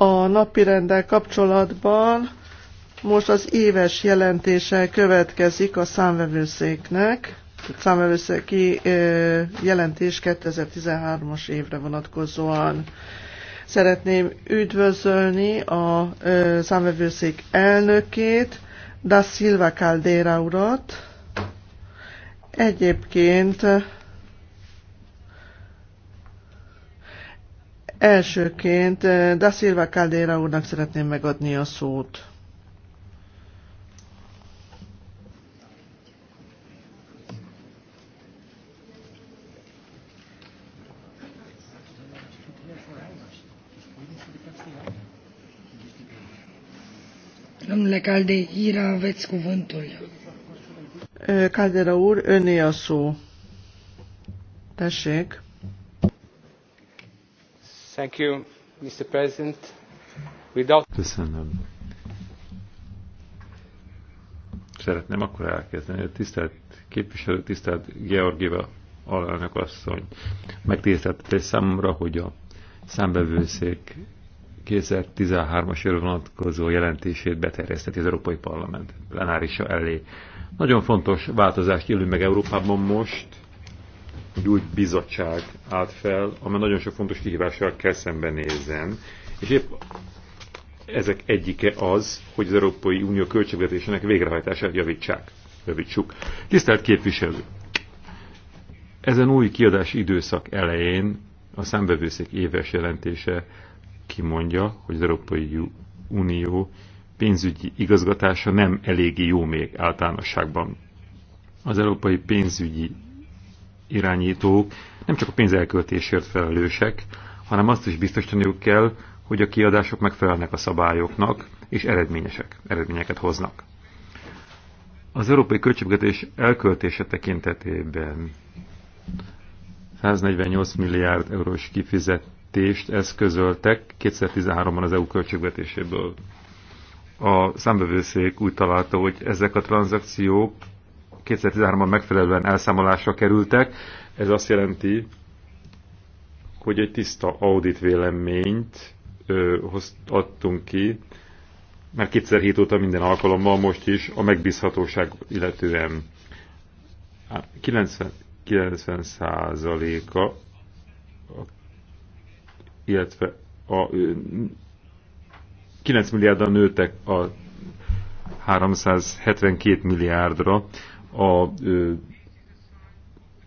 a napirendel kapcsolatban most az éves jelentése következik a számvevőszéknek, számvevőszéki jelentés 2013-as évre vonatkozóan. Szeretném üdvözölni a számvevőszék elnökét, Da Silva Caldera urat. Egyébként Elsőként eh, Da Silva Caldera úrnak szeretném megadni a szót. Domnule ira aveți cuvântul. Eh, Caldera úr, öné a szó. Tessék. Thank you, Mr. President. Without... Köszönöm. Szeretném akkor elkezdeni. Tisztelt képviselő, tisztelt Georgieva alelnök asszony, egy számomra, hogy a számbevőszék 2013-as évre vonatkozó jelentését beterjeszteti az Európai Parlament plenárisa elé. Nagyon fontos változást élünk meg Európában most, egy új bizottság állt fel, amely nagyon sok fontos kihívással kell szembenézzen. És épp ezek egyike az, hogy az Európai Unió költségvetésének végrehajtását javítsák. Javítsuk. Tisztelt képviselő! Ezen új kiadási időszak elején a számbevőszék éves jelentése kimondja, hogy az Európai Unió pénzügyi igazgatása nem eléggé jó még általánosságban. Az európai pénzügyi irányítók nem csak a pénz elköltésért felelősek, hanem azt is biztosítaniuk kell, hogy a kiadások megfelelnek a szabályoknak, és eredményesek, eredményeket hoznak. Az európai költségvetés elköltése tekintetében 148 milliárd eurós kifizetést eszközöltek 2013-ban az EU költségvetéséből. A számbevőszék úgy találta, hogy ezek a tranzakciók 2013-ban megfelelően elszámolásra kerültek. Ez azt jelenti, hogy egy tiszta audit véleményt ö, adtunk ki, mert 2007 óta minden alkalommal, most is a megbízhatóság illetően 90, 90 illetve a, 9 milliárdra nőtek a 372 milliárdra a ö,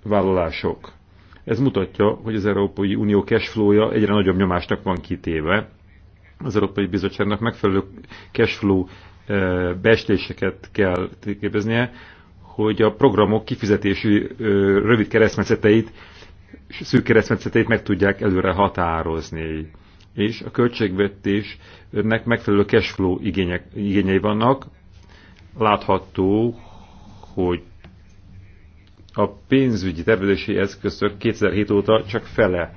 vállalások. Ez mutatja, hogy az Európai Unió cashflow-ja egyre nagyobb nyomásnak van kitéve. Az Európai Bizottságnak megfelelő cashflow beestéseket kell képeznie, hogy a programok kifizetési rövid keresztmetszeteit, szűk keresztmetszeteit meg tudják előre határozni. És a költségvetésnek megfelelő cashflow igények, igényei vannak. Látható, hogy a pénzügyi tervezési eszközök 2007 óta csak fele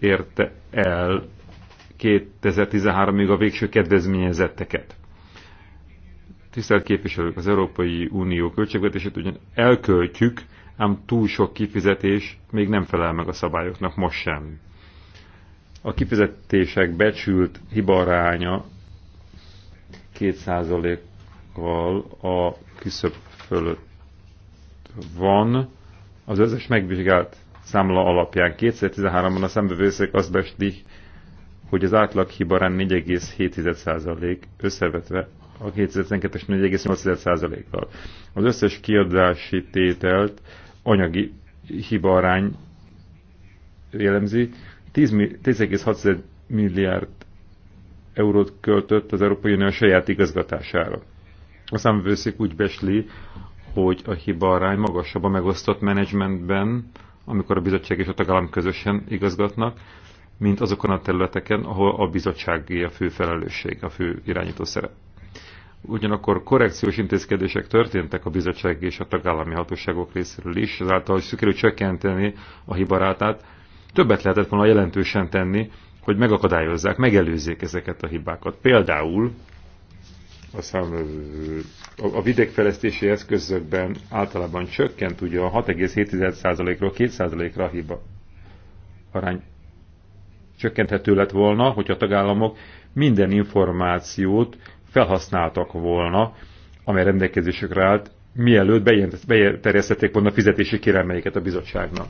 érte el 2013-ig a végső kedvezményezetteket. Tisztelt képviselők, az Európai Unió költségvetését ugyan elköltjük, ám túl sok kifizetés még nem felel meg a szabályoknak most sem. A kifizetések becsült hibaránya 2% val a küszöb fölött van. Az összes megvizsgált számla alapján 2013-ban a szembevőszék azt beslik, hogy az átlag hibarán 4,7% összevetve a 2012-es 4,8%-kal. Az összes kiadási tételt anyagi hibarány jellemzi. 10,6 milliárd eurót költött az Európai Unió saját igazgatására. A számvőszék úgy besli, hogy a hiba arány magasabb a megosztott menedzsmentben, amikor a bizottság és a tagállam közösen igazgatnak, mint azokon a területeken, ahol a bizottsági a fő felelősség, a fő irányító szerep. Ugyanakkor korrekciós intézkedések történtek a bizottság és a tagállami hatóságok részéről is, ezáltal, hogy sikerült csökkenteni a hibarátát, többet lehetett volna jelentősen tenni, hogy megakadályozzák, megelőzzék ezeket a hibákat. Például a a, a vidékfejlesztési eszközökben általában csökkent ugye a 6,7%-ról 2%-ra a hiba arány csökkenthető lett volna, hogy a tagállamok minden információt felhasználtak volna, amely rendelkezésükre állt, mielőtt beterjesztették volna fizetési kérelmeiket a bizottságnak.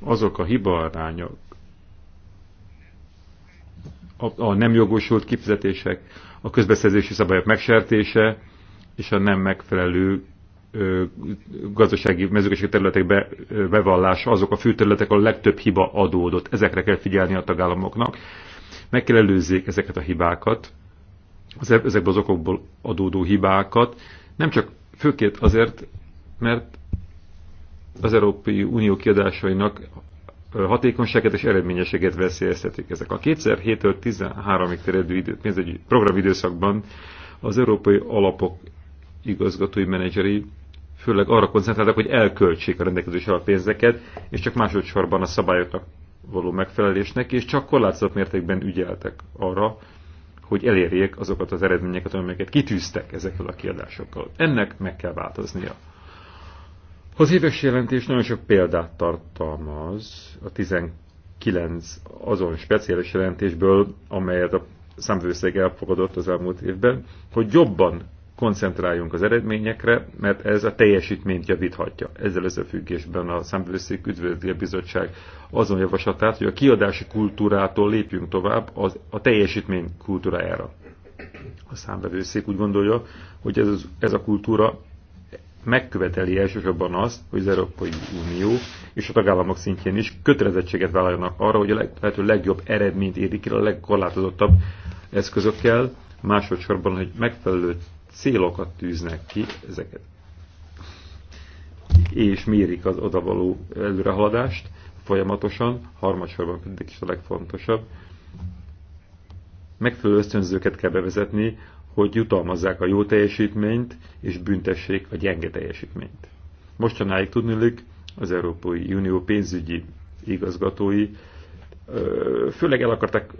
Azok a arányok, a, a nem jogosult kifizetések, a közbeszerzési szabályok megsértése és a nem megfelelő gazdasági, mezőgazdasági területek be, bevallása azok a fő területek, ahol a legtöbb hiba adódott. Ezekre kell figyelni a tagállamoknak. Meg kell előzzék ezeket a hibákat, az, e- ezekből az okokból adódó hibákat, nem csak főként azért, mert az Európai Unió kiadásainak hatékonyságát és eredményességet veszélyeztetik ezek. A 2007-től 13-ig terjedő pénzügyi programidőszakban az európai alapok igazgatói menedzseri főleg arra koncentráltak, hogy elköltsék a rendelkezésre a pénzeket, és csak másodszorban a szabályoknak való megfelelésnek, és csak korlátozott mértékben ügyeltek arra, hogy elérjék azokat az eredményeket, amelyeket kitűztek ezekkel a kiadásokkal. Ennek meg kell változnia. Az éves jelentés nagyon sok példát tartalmaz a 19 azon speciális jelentésből, amelyet a számvőszeg elfogadott az elmúlt évben, hogy jobban koncentráljunk az eredményekre, mert ez a teljesítményt javíthatja. Ezzel összefüggésben a Számbevőszék Üdvözlő Bizottság azon javaslatát, hogy a kiadási kultúrától lépjünk tovább az, a teljesítmény kultúrájára. A számvevőszék úgy gondolja, hogy ez, ez a kultúra megköveteli elsősorban azt, hogy az Európai Unió és a tagállamok szintjén is kötelezettséget vállaljanak arra, hogy a leg, lehető legjobb eredményt érik el a legkorlátozottabb eszközökkel, másodszorban, hogy megfelelő célokat tűznek ki ezeket, és mérik az odavaló előrehaladást folyamatosan, harmadsorban pedig is a legfontosabb, megfelelő ösztönzőket kell bevezetni hogy jutalmazzák a jó teljesítményt, és büntessék a gyenge teljesítményt. Mostanáig tudnilik az Európai Unió pénzügyi igazgatói főleg el akarták,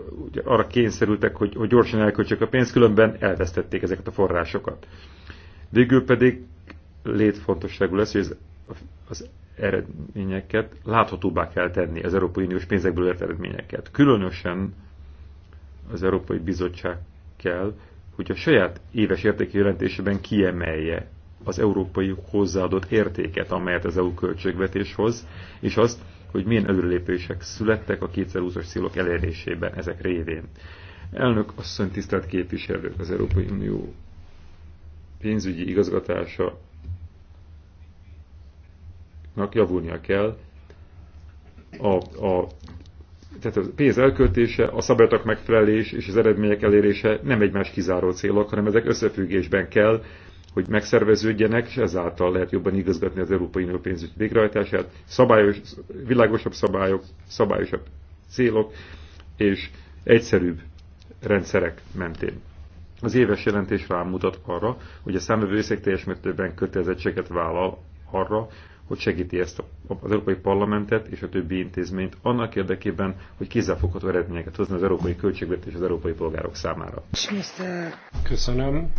arra kényszerültek, hogy, hogy gyorsan elköltsék a pénzt, különben elvesztették ezeket a forrásokat. Végül pedig létfontosságú lesz, hogy az eredményeket láthatóbbá kell tenni, az Európai Uniós pénzekből ért eredményeket. Különösen az Európai Bizottság kell, hogy a saját éves értéki jelentésében kiemelje az európai hozzáadott értéket, amelyet az EU költségvetés hoz, és azt, hogy milyen előrelépések születtek a 2020-as célok elérésében ezek révén. Elnök asszony tisztelt képviselők az Európai Unió pénzügyi igazgatása javulnia kell, a, a tehát a pénz elköltése, a szabályok megfelelés és az eredmények elérése nem egymás kizáró célok, hanem ezek összefüggésben kell, hogy megszerveződjenek, és ezáltal lehet jobban igazgatni az Európai Unió pénzügyi végrehajtását. Szabályos, világosabb szabályok, szabályosabb célok és egyszerűbb rendszerek mentén. Az éves jelentés rámutat arra, hogy a számövőszék teljes mértékben kötelezettséget vállal arra, hogy segíti ezt az Európai Parlamentet és a többi intézményt annak érdekében, hogy kézzelfogható eredményeket hozni az európai költségvetés az európai polgárok számára. Köszönöm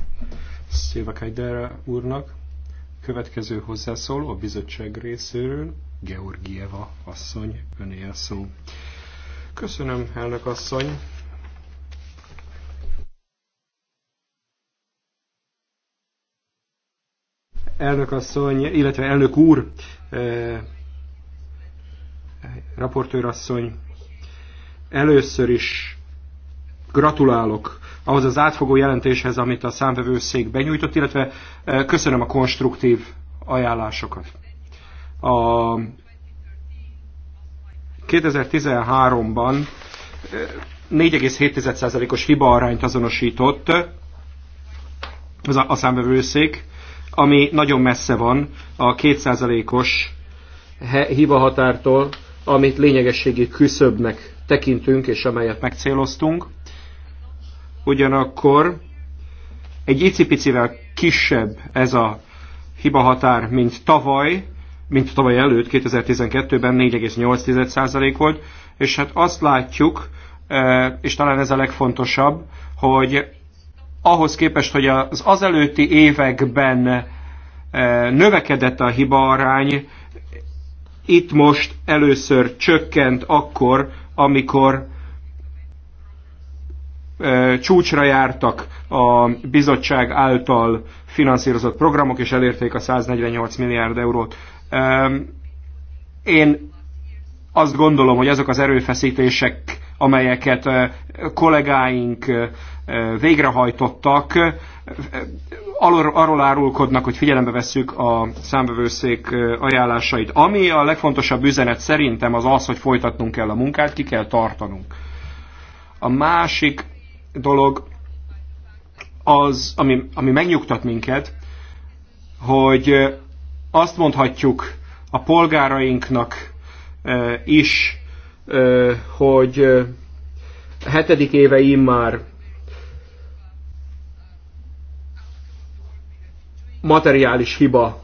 Szilva Kajder úrnak. Következő hozzászól a bizottság részéről, Georgieva asszony, öné a szó. Köszönöm, elnök asszony. elnök asszony, illetve elnök úr, eh, raportőr asszony, először is gratulálok ahhoz az átfogó jelentéshez, amit a számvevőszék benyújtott, illetve eh, köszönöm a konstruktív ajánlásokat. A 2013-ban 4,7%-os hibaarányt azonosított az a számvevőszék, ami nagyon messze van a kétszázalékos hibahatártól, amit lényegességi küszöbnek tekintünk, és amelyet megcéloztunk. Ugyanakkor egy icipicivel kisebb ez a hibahatár, mint tavaly, mint tavaly előtt, 2012-ben 4,8% volt, és hát azt látjuk, eh, és talán ez a legfontosabb, hogy ahhoz képest, hogy az azelőtti években eh, növekedett a arány, itt most először csökkent akkor, amikor eh, csúcsra jártak a bizottság által finanszírozott programok, és elérték a 148 milliárd eurót. Én azt gondolom, hogy azok az erőfeszítések, amelyeket kollégáink végrehajtottak, arról, árulkodnak, hogy figyelembe vesszük a számbevőszék ajánlásait. Ami a legfontosabb üzenet szerintem az az, hogy folytatnunk kell a munkát, ki kell tartanunk. A másik dolog az, ami, ami megnyugtat minket, hogy azt mondhatjuk a polgárainknak is, hogy a hetedik éve immár materiális hiba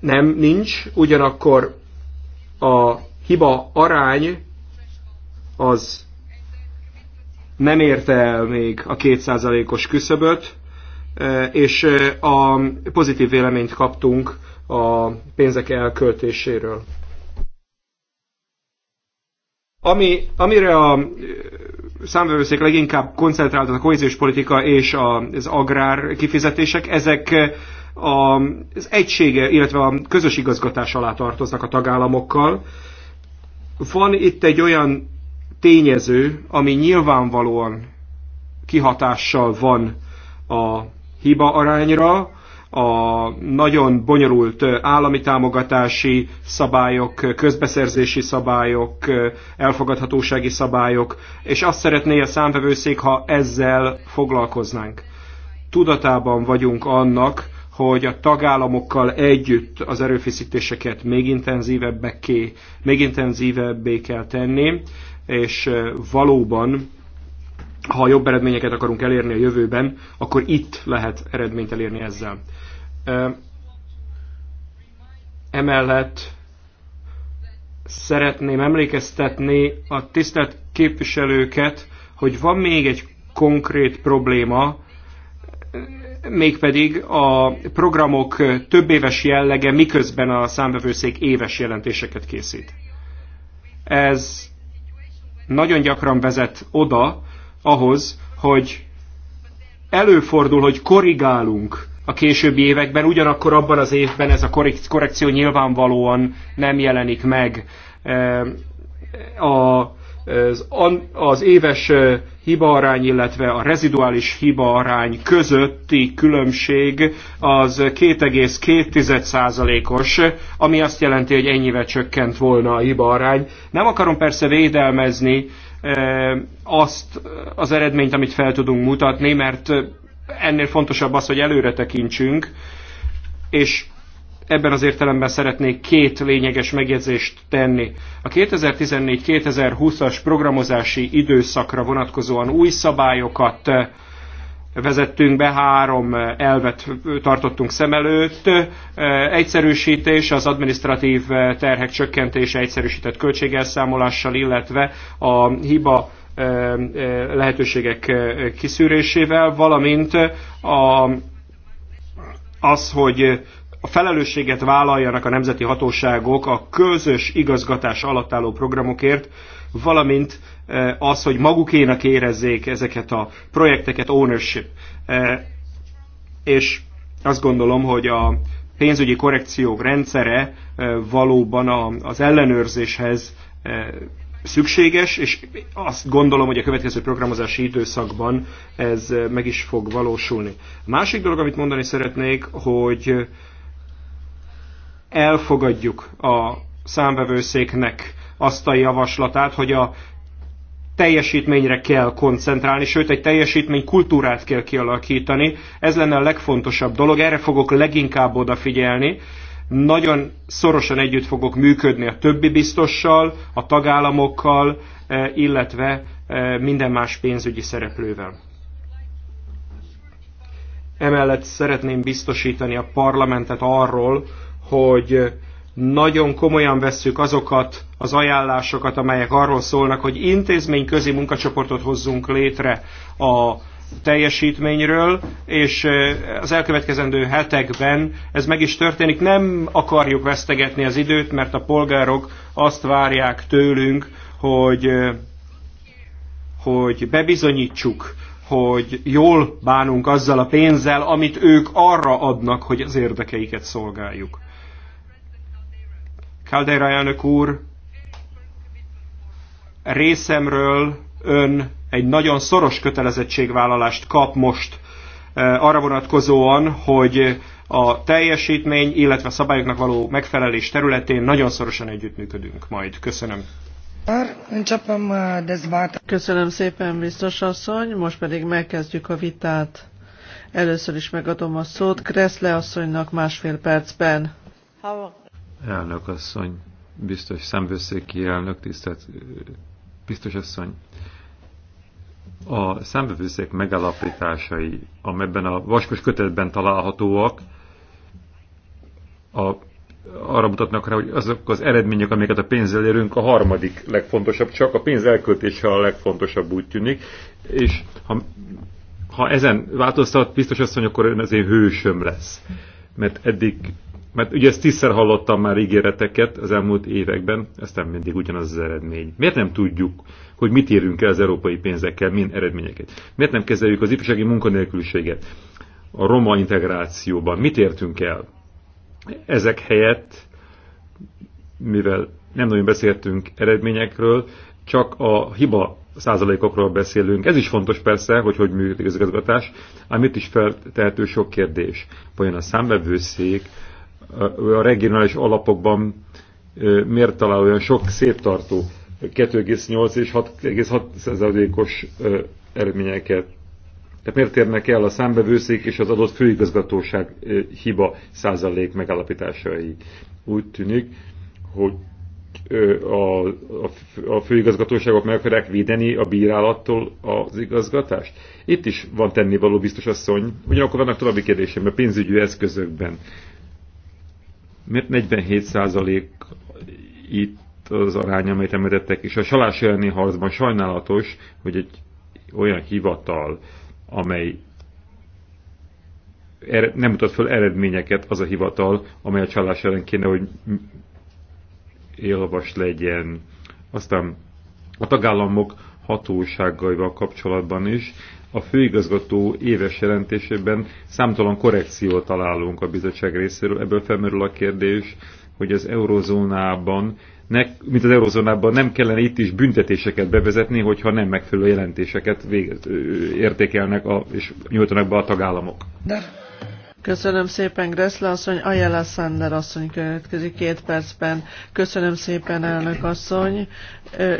nem nincs, ugyanakkor a hiba arány az nem érte el még a kétszázalékos küszöböt, és a pozitív véleményt kaptunk a pénzek elköltéséről. Ami, amire a számvevőszék leginkább koncentrált a kohéziós politika és az agrár kifizetések, ezek az egysége, illetve a közös igazgatás alá tartoznak a tagállamokkal. Van itt egy olyan tényező, ami nyilvánvalóan kihatással van a hiba arányra, a nagyon bonyolult állami támogatási szabályok, közbeszerzési szabályok, elfogadhatósági szabályok, és azt szeretné a számvevőszék, ha ezzel foglalkoznánk. Tudatában vagyunk annak, hogy a tagállamokkal együtt az erőfeszítéseket még intenzívebbeké, még intenzívebbé kell tenni, és valóban ha jobb eredményeket akarunk elérni a jövőben, akkor itt lehet eredményt elérni ezzel. Emellett szeretném emlékeztetni a tisztelt képviselőket, hogy van még egy konkrét probléma, mégpedig a programok többéves jellege, miközben a számbevőszék éves jelentéseket készít. Ez nagyon gyakran vezet oda ahhoz, hogy előfordul, hogy korrigálunk a későbbi években, ugyanakkor abban az évben ez a korrekció nyilvánvalóan nem jelenik meg. A, az, az éves hibaarány, illetve a reziduális hibaarány közötti különbség az 2,2%-os, ami azt jelenti, hogy ennyivel csökkent volna a hibaarány. Nem akarom persze védelmezni azt az eredményt, amit fel tudunk mutatni, mert ennél fontosabb az, hogy előre tekintsünk, és ebben az értelemben szeretnék két lényeges megjegyzést tenni. A 2014-2020-as programozási időszakra vonatkozóan új szabályokat eh, vezettünk be, három eh, elvet tartottunk szem előtt. Eh, egyszerűsítés, az administratív terhek csökkentése egyszerűsített költségelszámolással, illetve a hiba lehetőségek kiszűrésével, valamint a, az, hogy a felelősséget vállaljanak a nemzeti hatóságok a közös igazgatás alatt álló programokért, valamint az, hogy magukénak érezzék ezeket a projekteket, ownership. És azt gondolom, hogy a pénzügyi korrekciók rendszere valóban az ellenőrzéshez szükséges, és azt gondolom, hogy a következő programozási időszakban ez meg is fog valósulni. A másik dolog, amit mondani szeretnék, hogy elfogadjuk a számvevőszéknek azt a javaslatát, hogy a teljesítményre kell koncentrálni, sőt egy teljesítmény kultúrát kell kialakítani. Ez lenne a legfontosabb dolog, erre fogok leginkább odafigyelni, nagyon szorosan együtt fogok működni a többi biztossal, a tagállamokkal, eh, illetve eh, minden más pénzügyi szereplővel. Emellett szeretném biztosítani a parlamentet arról, hogy nagyon komolyan vesszük azokat az ajánlásokat, amelyek arról szólnak, hogy intézményközi munkacsoportot hozzunk létre a teljesítményről, és az elkövetkezendő hetekben ez meg is történik. Nem akarjuk vesztegetni az időt, mert a polgárok azt várják tőlünk, hogy, hogy bebizonyítsuk, hogy jól bánunk azzal a pénzzel, amit ők arra adnak, hogy az érdekeiket szolgáljuk. Caldera elnök úr, részemről ön egy nagyon szoros kötelezettségvállalást kap most eh, arra vonatkozóan, hogy a teljesítmény, illetve a szabályoknak való megfelelés területén nagyon szorosan együttműködünk majd. Köszönöm. Eh, Köszönöm szépen, biztos asszony. Most pedig megkezdjük a vitát. Először is megadom a szót Kreszle asszonynak másfél percben. Elnök asszony, biztos szemvőszéki elnök, tisztelt eh, biztos asszony. A számbevőszék megalapításai, amelyben a vaskos kötetben találhatóak, a, arra mutatnak rá, hogy azok az eredmények, amiket a pénzzel érünk, a harmadik legfontosabb, csak a pénz elköltése a legfontosabb úgy tűnik, és ha, ha ezen változtat, biztos azt mondja, akkor ön az én hősöm lesz. Mert eddig mert ugye ezt tízszer hallottam már ígéreteket az elmúlt években, nem mindig ugyanaz az eredmény. Miért nem tudjuk, hogy mit érünk el az európai pénzekkel, milyen eredményeket. Miért nem kezeljük az ifjúsági munkanélküliséget? A roma integrációban mit értünk el? Ezek helyett, mivel nem nagyon beszéltünk eredményekről, csak a hiba százalékokról beszélünk. Ez is fontos persze, hogy hogy működik az igazgatás, ám itt is feltehető sok kérdés. Vajon a számvevőszék a regionális alapokban miért talál olyan sok szép tartó 2,8 és 66 százalékos eredményeket. Tehát miért térnek el a számbevőszék és az adott főigazgatóság hiba százalék megállapításai? Úgy tűnik, hogy a, a, a főigazgatóságok meg akarják védeni a bírálattól az igazgatást? Itt is van tennivaló biztos asszony, ugyanakkor vannak további kérdések, mert pénzügyi eszközökben. Mert 47 százalék itt az arány, amelyet említettek, és a salás elleni harcban sajnálatos, hogy egy olyan hivatal, amely nem mutat fel eredményeket az a hivatal, amely a csalás ellen kéne, hogy élvas legyen. Aztán a tagállamok hatóságaival kapcsolatban is a főigazgató éves jelentésében számtalan korrekciót találunk a bizottság részéről. Ebből felmerül a kérdés, hogy az eurozónában nek, mint az eurozónában nem kellene itt is büntetéseket bevezetni, hogyha nem megfelelő jelentéseket végez, értékelnek a, és nyújtanak be a tagállamok. De. Köszönöm szépen, Gressle asszony. Ayala Sander asszony következik két percben. Köszönöm szépen, elnök asszony.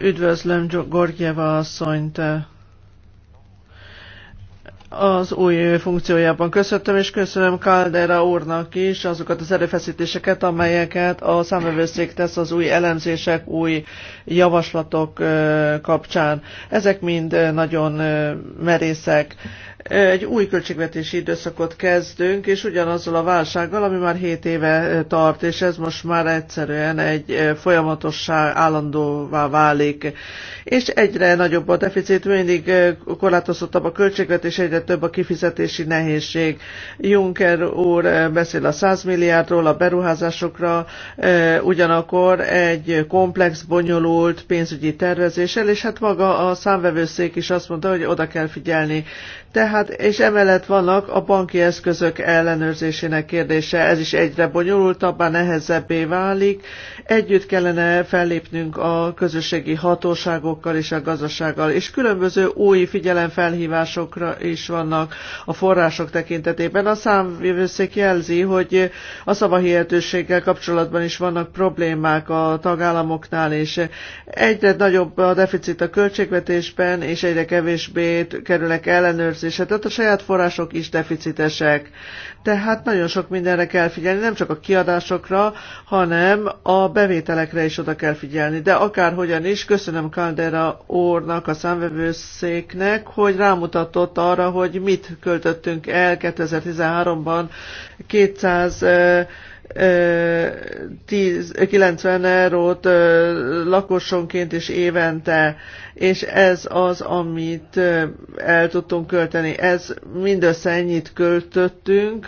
Üdvözlöm Gorgieva asszonyt az új funkciójában. Köszöntöm, és köszönöm Caldera úrnak is azokat az erőfeszítéseket, amelyeket a számövőszék tesz az új elemzések, új javaslatok kapcsán. Ezek mind nagyon merészek. Egy új költségvetési időszakot kezdünk, és ugyanazzal a válsággal, ami már 7 éve tart, és ez most már egyszerűen egy folyamatossá, állandóvá válik. És egyre nagyobb a deficit, mindig korlátozottabb a költségvetés, egyre több a kifizetési nehézség. Juncker úr eh, beszél a 100 milliárdról, a beruházásokra, eh, ugyanakkor egy komplex, bonyolult pénzügyi tervezéssel, és hát maga a számvevőszék is azt mondta, hogy oda kell figyelni. Tehát, és emellett vannak a banki eszközök ellenőrzésének kérdése, ez is egyre bonyolultabbá, nehezebbé válik, Együtt kellene fellépnünk a közösségi hatóságokkal és a gazdasággal, és különböző új figyelemfelhívásokra is vannak a források tekintetében. A számvőszék jelzi, hogy a szavahihetőséggel kapcsolatban is vannak problémák a tagállamoknál, és egyre nagyobb a deficit a költségvetésben, és egyre kevésbé kerülnek ellenőrzésre, tehát a saját források is deficitesek. Tehát nagyon sok mindenre kell figyelni, nem csak a kiadásokra, hanem a bevételekre is oda kell figyelni. De akárhogyan is, köszönöm Caldera Ornak a számvevőszéknek, hogy rámutatott arra, hogy mit költöttünk el 2013-ban 200 90 eurót lakosonként és évente és ez az, amit el tudtunk költeni. Ez mindössze ennyit költöttünk,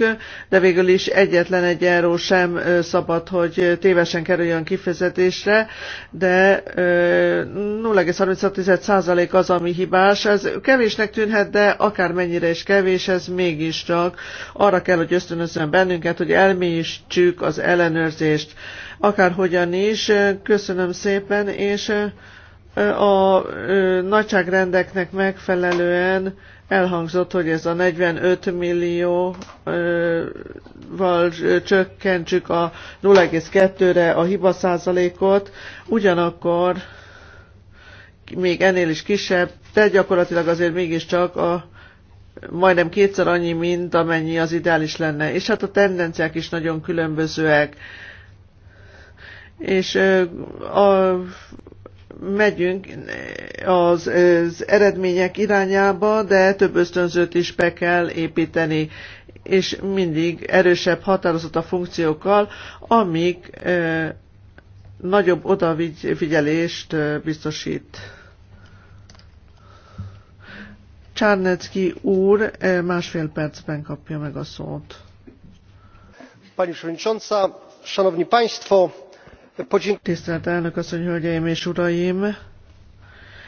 de végül is egyetlen egy euró sem szabad, hogy tévesen kerüljön kifizetésre, de 0,36% az, ami hibás. Ez kevésnek tűnhet, de akármennyire is kevés, ez mégiscsak arra kell, hogy ösztönözzön bennünket, hogy elmélyítsük az ellenőrzést. Akárhogyan is, köszönöm szépen, és a nagyságrendeknek megfelelően elhangzott, hogy ez a 45 millióval csökkentsük a 0,2-re a hiba százalékot, ugyanakkor még ennél is kisebb, de gyakorlatilag azért mégiscsak a majdnem kétszer annyi, mint amennyi az ideális lenne. És hát a tendenciák is nagyon különbözőek. És a megyünk az, az eredmények irányába, de több ösztönzőt is be kell építeni, és mindig erősebb, határozott a funkciókkal, amik e, nagyobb odafigyelést biztosít. Csárnecki úr másfél percben kapja meg a szót. Pani Przewodnicząca, Szanowni Państwo! Tisztelt elnök asszony, hölgyeim és uraim!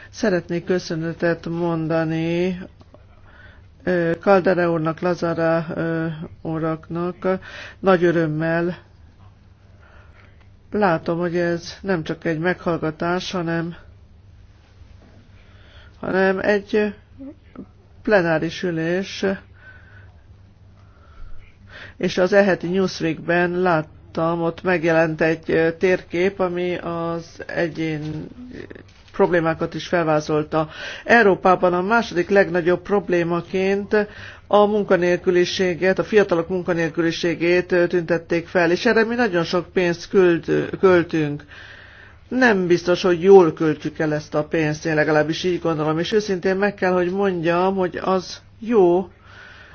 Szeretnék köszönetet mondani Kaldere úrnak, Lazara uraknak. Nagy örömmel látom, hogy ez nem csak egy meghallgatás, hanem, hanem egy plenáris ülés, és az eheti Newsweekben lát, láttam, ott megjelent egy térkép, ami az egyén problémákat is felvázolta. Európában a második legnagyobb problémaként a munkanélküliséget, a fiatalok munkanélküliségét tüntették fel, és erre mi nagyon sok pénzt küld, költünk. Nem biztos, hogy jól költjük el ezt a pénzt, én legalábbis így gondolom, és őszintén meg kell, hogy mondjam, hogy az jó,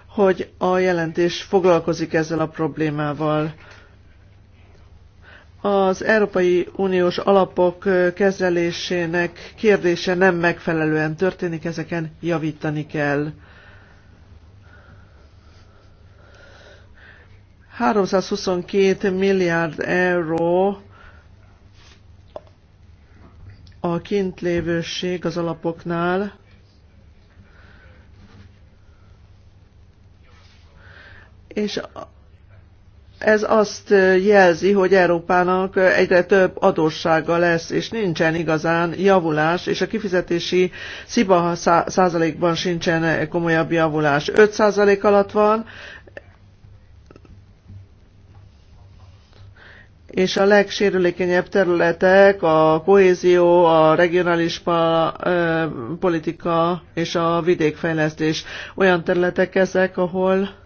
hogy a jelentés foglalkozik ezzel a problémával az Európai Uniós alapok kezelésének kérdése nem megfelelően történik, ezeken javítani kell. 322 milliárd euró a kintlévőség az alapoknál. És ez azt jelzi, hogy Európának egyre több adóssága lesz, és nincsen igazán javulás, és a kifizetési sziba százalékban sincsen komolyabb javulás. 5 százalék alatt van, és a legsérülékenyebb területek a kohézió, a regionális politika és a vidékfejlesztés. Olyan területek ezek, ahol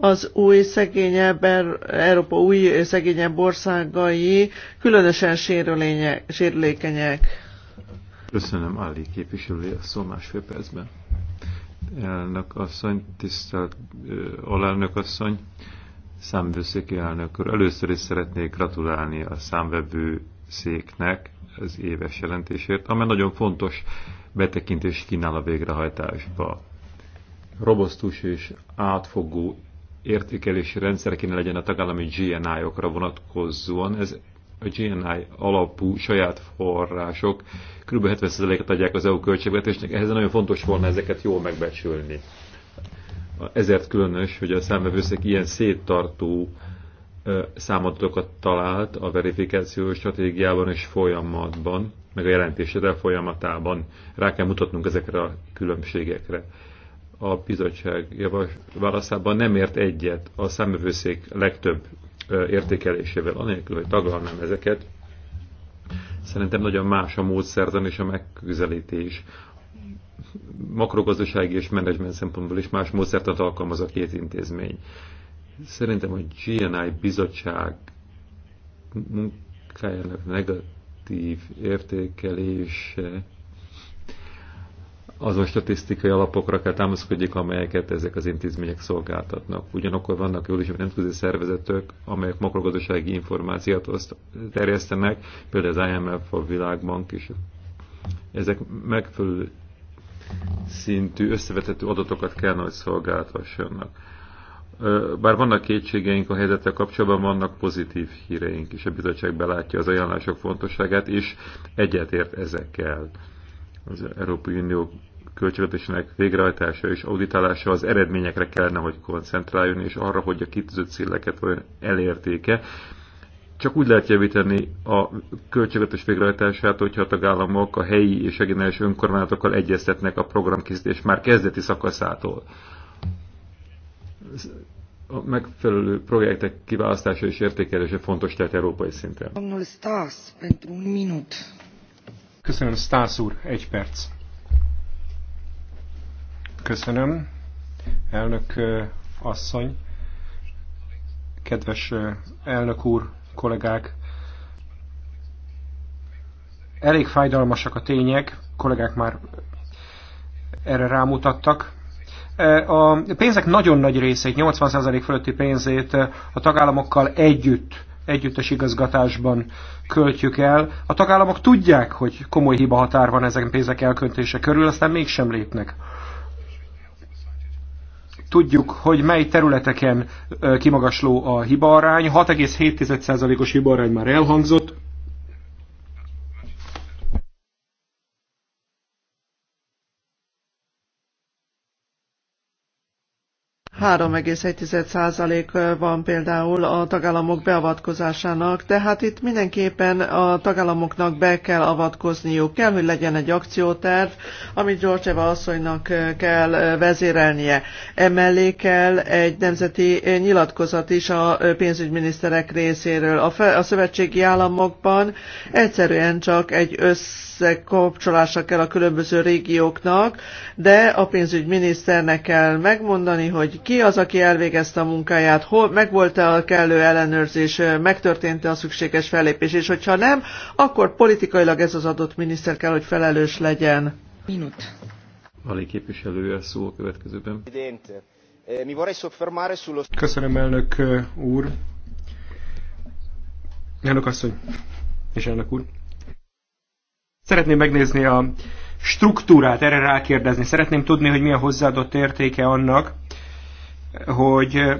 az új szegényebb, er-, Európa új szegényebb országai különösen sérülékenyek. Köszönöm, Ali képviselő, a szó másfél percben. Elnök asszony, tisztelt ö, alelnök asszony, számvőszéki elnök úr. Először is szeretnék gratulálni a számvevő széknek az éves jelentésért, amely nagyon fontos betekintést kínál a végrehajtásba robosztus és átfogó értékelési rendszer kéne legyen a tagállami GNI-okra vonatkozóan. Ez a GNI alapú saját források kb. 70%-et adják az EU költségvetésnek, ehhez nagyon fontos volna ezeket jól megbecsülni. Ezért különös, hogy a számvevőszék ilyen széttartó számadatokat talált a verifikációs stratégiában és folyamatban, meg a jelentésedel folyamatában. Rá kell mutatnunk ezekre a különbségekre a bizottság válaszában nem ért egyet a számövőszék legtöbb értékelésével, anélkül, hogy taglalnám ezeket. Szerintem nagyon más a módszertan és a megközelítés. Makrogazdasági és menedzsment szempontból is más módszertant alkalmaz a két intézmény. Szerintem a GNI bizottság munkájának negatív értékelése azon statisztikai alapokra kell támaszkodjék, amelyeket ezek az intézmények szolgáltatnak. Ugyanakkor vannak jól is nemzetközi szervezetek, amelyek makrogazdasági információt oszt, terjesztenek, például az IMF, a Világbank is. Ezek megfelelő szintű összevetető adatokat kell, hogy szolgáltassanak. Bár vannak kétségeink a helyzettel kapcsolatban, vannak pozitív híreink is. A bizottság belátja az ajánlások fontosságát, és egyetért ezekkel az Európai Unió költségvetésének végrehajtása és auditálása az eredményekre kellene, hogy koncentráljon, és arra, hogy a kitűzött céleket vajon elértéke. Csak úgy lehet javítani a költségvetés végrehajtását, hogyha a tagállamok a helyi és regionális önkormányzatokkal egyeztetnek a programkészítés már kezdeti szakaszától. A megfelelő projektek kiválasztása és értékelése fontos tehát európai szinten. Köszönöm, Stász úr, egy perc. Köszönöm, elnök asszony, kedves elnök úr, kollégák. Elég fájdalmasak a tények, kollégák már erre rámutattak. A pénzek nagyon nagy részét, 80% fölötti pénzét a tagállamokkal együtt együttes igazgatásban költjük el. A tagállamok tudják, hogy komoly hiba határ van ezen pénzek elköntése körül, aztán mégsem lépnek. Tudjuk, hogy mely területeken kimagasló a hibaarány. 6,7%-os hibaarány már elhangzott, 3,1% van például a tagállamok beavatkozásának, tehát itt mindenképpen a tagállamoknak be kell avatkozniuk. Kell, hogy legyen egy akcióterv, amit Georgeva asszonynak kell vezérelnie. Emellé kell egy nemzeti nyilatkozat is a pénzügyminiszterek részéről. A, fe, a szövetségi államokban egyszerűen csak egy össze összekapcsolása kell a különböző régióknak, de a pénzügyminiszternek kell megmondani, hogy ki az, aki elvégezte a munkáját, hol megvolt-e a kellő ellenőrzés, megtörtént-e a szükséges fellépés, és hogyha nem, akkor politikailag ez az adott miniszter kell, hogy felelős legyen. Minut. Vali a szó a következőben. Eh, Köszönöm, elnök úr. Elnök asszony és elnök úr. Szeretném megnézni a struktúrát, erre rákérdezni. Szeretném tudni, hogy mi a hozzáadott értéke annak, hogy eh,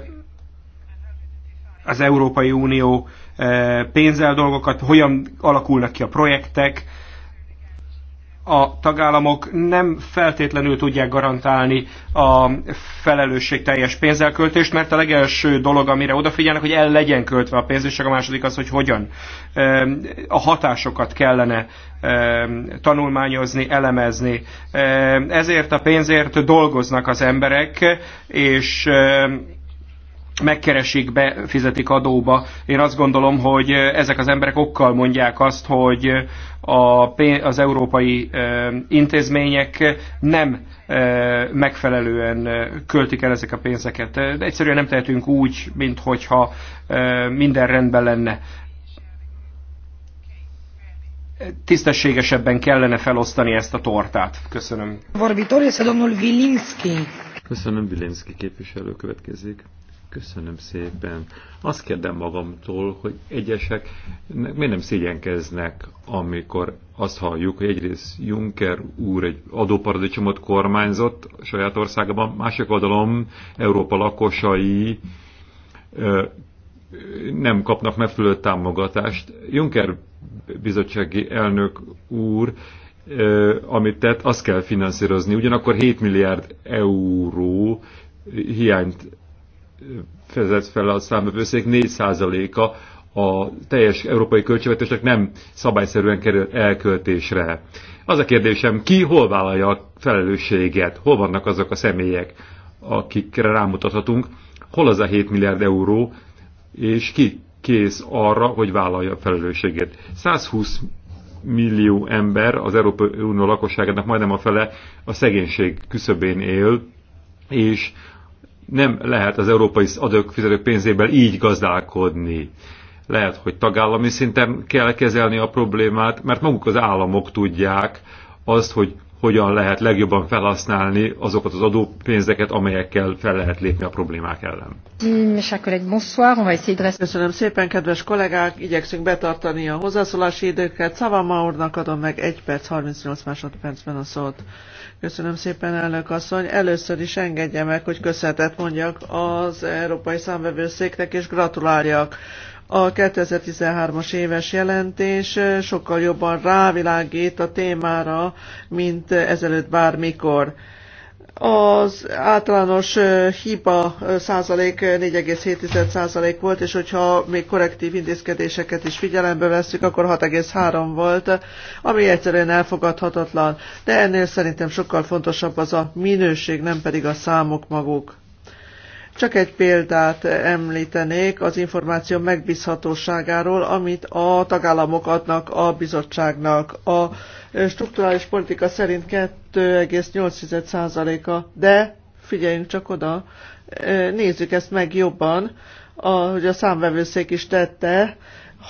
az Európai Unió eh, pénzzel dolgokat, hogyan alakulnak ki a projektek, a tagállamok nem feltétlenül tudják garantálni a felelősség teljes pénzelköltést, mert a legelső dolog, amire odafigyelnek, hogy el legyen költve a pénz, és a második az, hogy hogyan. Ehm, a hatásokat kellene ehm, tanulmányozni, elemezni. Ehm, ezért a pénzért dolgoznak az emberek, és megkeresik, befizetik adóba. Én azt gondolom, hogy ezek az emberek okkal mondják azt, hogy a, az európai intézmények nem megfelelően költik el ezek a pénzeket. De egyszerűen nem tehetünk úgy, mint hogyha minden rendben lenne. Tisztességesebben kellene felosztani ezt a tortát. Köszönöm. Köszönöm, Bilinski képviselő következik. Köszönöm szépen. Azt kérdem magamtól, hogy egyesek miért nem szégyenkeznek, amikor azt halljuk, hogy egyrészt Juncker úr egy adóparadicsomot kormányzott a saját országában, másik oldalon Európa lakosai nem kapnak megfelelő támogatást. Juncker bizottsági elnök úr amit tett, azt kell finanszírozni. Ugyanakkor 7 milliárd euró hiányt fezett fel a számbevőszék 4%-a a teljes európai költségvetésnek nem szabályszerűen kerül elköltésre. Az a kérdésem, ki hol vállalja a felelősséget, hol vannak azok a személyek, akikre rámutathatunk, hol az a 7 milliárd euró, és ki kész arra, hogy vállalja a felelősséget. 120 millió ember, az Európai Unió lakosságának majdnem a fele a szegénység küszöbén él, és nem lehet az európai adófizetők pénzéből így gazdálkodni. Lehet, hogy tagállami szinten kell kezelni a problémát, mert maguk az államok tudják azt, hogy hogyan lehet legjobban felhasználni azokat az adópénzeket, amelyekkel fel lehet lépni a problémák ellen. Mm, Köszönöm szépen, kedves kollégák! Igyekszünk betartani a hozzászólási időket. Szavama úrnak adom meg 1 perc 38 másodpercben a szót. Köszönöm szépen, elnök asszony. Először is engedje meg, hogy köszönetet mondjak az Európai Számvevőszéknek, és gratuláljak. A 2013-as éves jelentés sokkal jobban rávilágít a témára, mint ezelőtt bármikor. Az általános hiba százalék 4,7 százalék volt, és hogyha még korrektív intézkedéseket is figyelembe vesszük, akkor 6,3 volt, ami egyszerűen elfogadhatatlan. De ennél szerintem sokkal fontosabb az a minőség, nem pedig a számok maguk. Csak egy példát említenék az információ megbízhatóságáról, amit a tagállamok adnak a bizottságnak. A strukturális politika szerint 2,8%-a, de figyeljünk csak oda, nézzük ezt meg jobban, ahogy a számvevőszék is tette,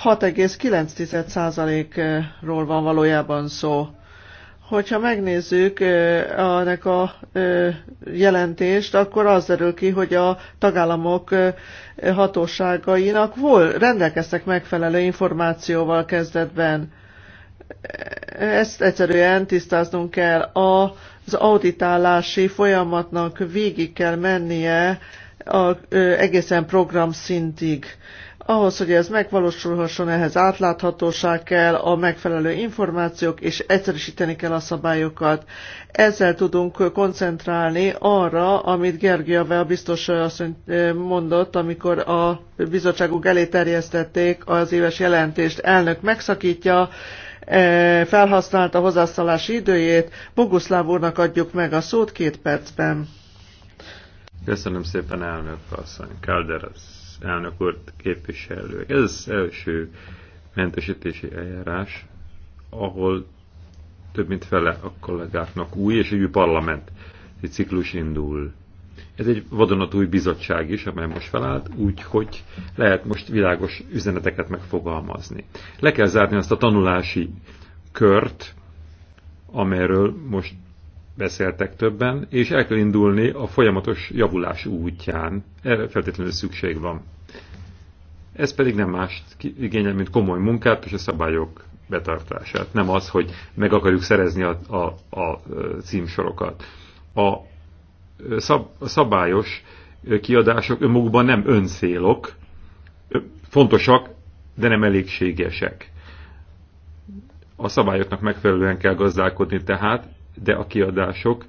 6,9%-ról van valójában szó. Hogyha megnézzük ennek a jelentést, akkor az derül ki, hogy a tagállamok hatóságainak volt, rendelkeztek megfelelő információval kezdetben. Ezt egyszerűen tisztáznunk kell. Az auditálási folyamatnak végig kell mennie a, egészen program szintig ahhoz, hogy ez megvalósulhasson, ehhez átláthatóság kell, a megfelelő információk, és egyszerűsíteni kell a szabályokat. Ezzel tudunk koncentrálni arra, amit Gergia a biztos asszony eh, mondott, amikor a bizottságunk elé terjesztették az éves jelentést. Elnök megszakítja, eh, felhasználta hozzászólási időjét. Boguszláv úrnak adjuk meg a szót két percben. Köszönöm szépen, elnök asszony. Kalderez elnök úr képviselők. Ez az első mentesítési eljárás, ahol több mint fele a kollégáknak új és új parlament egy ciklus indul. Ez egy vadonatúj bizottság is, amely most felállt, úgyhogy lehet most világos üzeneteket megfogalmazni. Le kell zárni azt a tanulási kört, amelyről most beszéltek többen, és el kell indulni a folyamatos javulás útján. Erre feltétlenül szükség van. Ez pedig nem más igényel, mint komoly munkát és a szabályok betartását. Nem az, hogy meg akarjuk szerezni a, a, a címsorokat. A, szab, a szabályos kiadások önmagukban nem öncélok, fontosak, de nem elégségesek. A szabályoknak megfelelően kell gazdálkodni tehát, de a kiadások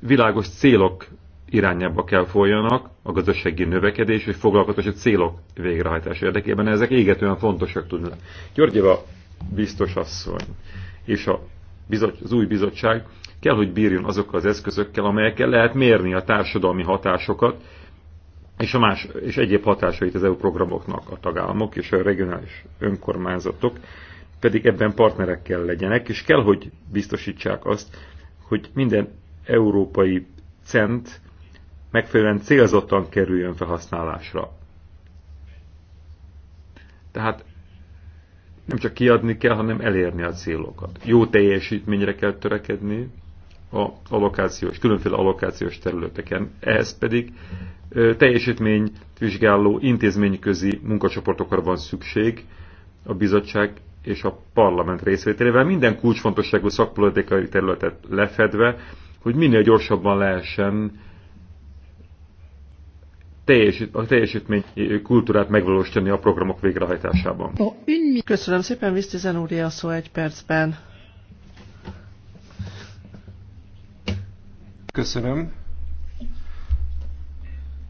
világos célok irányába kell folyjanak, a gazdasági növekedés és foglalkoztatási célok végrehajtása érdekében. Ezek égetően fontosak tudnak. Éva biztos asszony és a bizot, az új bizottság kell, hogy bírjon azokkal az eszközökkel, amelyekkel lehet mérni a társadalmi hatásokat, és, a más, és egyéb hatásait az EU programoknak a tagállamok és a regionális önkormányzatok pedig ebben partnerekkel legyenek, és kell, hogy biztosítsák azt, hogy minden európai cent megfelelően célzottan kerüljön felhasználásra. Tehát nem csak kiadni kell, hanem elérni a célokat. Jó teljesítményre kell törekedni a allokációs, különféle allokációs területeken. Ehhez pedig teljesítményvizsgáló intézményközi munkacsoportokra van szükség, a bizottság és a parlament részvételével minden kulcsfontosságú szakpolitikai területet lefedve, hogy minél gyorsabban lehessen a teljesítmény kultúrát megvalósítani a programok végrehajtásában. Köszönöm szépen, Viszti úr, a szó egy percben. Köszönöm.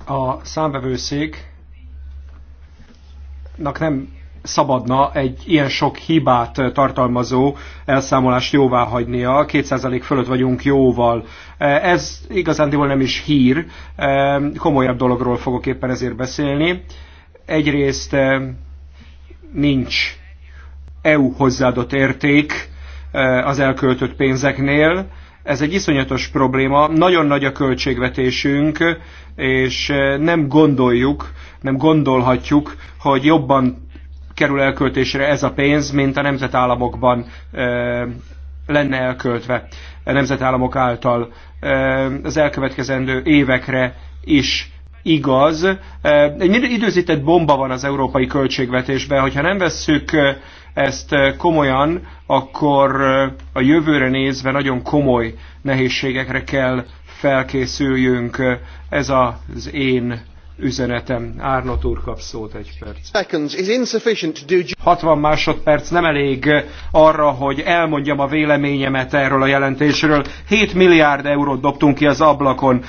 A számbevőszéknak nem szabadna egy ilyen sok hibát tartalmazó elszámolást jóvá hagynia. 2% fölött vagyunk jóval. E, ez igazándiból nem is hír, e, komolyabb dologról fogok éppen ezért beszélni. Egyrészt e, nincs EU hozzáadott érték az elköltött pénzeknél, ez egy iszonyatos probléma, nagyon nagy a költségvetésünk, és nem gondoljuk, nem gondolhatjuk, hogy jobban kerül elköltésre ez a pénz, mint a nemzetállamokban lenne elköltve a nemzetállamok által az elkövetkezendő évekre is igaz. Egy időzített bomba van az európai költségvetésben, hogyha nem vesszük ezt komolyan, akkor a jövőre nézve nagyon komoly nehézségekre kell felkészüljünk. Ez az én üzenetem. Árnott úr kap szót egy perc. 60 másodperc nem elég arra, hogy elmondjam a véleményemet erről a jelentésről. 7 milliárd eurót dobtunk ki az ablakon.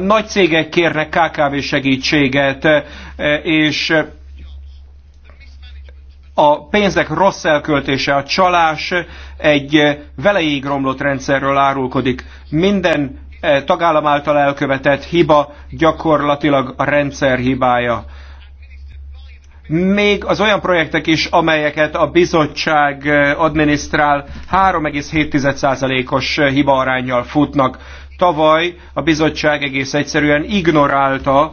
Nagy cégek kérnek KKV segítséget, és a pénzek rossz elköltése, a csalás egy veleig romlott rendszerről árulkodik. Minden E, tagállam által elkövetett hiba gyakorlatilag a rendszer hibája. Még az olyan projektek is, amelyeket a bizottság e, adminisztrál, 3,7%-os e, hibaarányjal futnak. Tavaly a bizottság egész egyszerűen ignorálta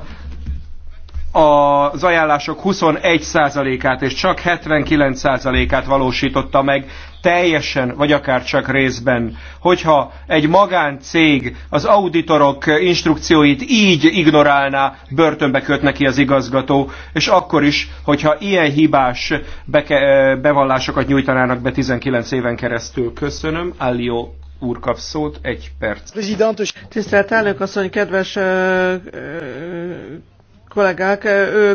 az ajánlások 21%-át és csak 79%-át valósította meg teljesen, vagy akár csak részben. Hogyha egy magáncég az auditorok instrukcióit így ignorálná, börtönbe köt neki az igazgató, és akkor is, hogyha ilyen hibás beke, bevallásokat nyújtanának be 19 éven keresztül. Köszönöm, Allio úr kap szót, egy perc. Tisztelt elnök asszony, kedves kollégák,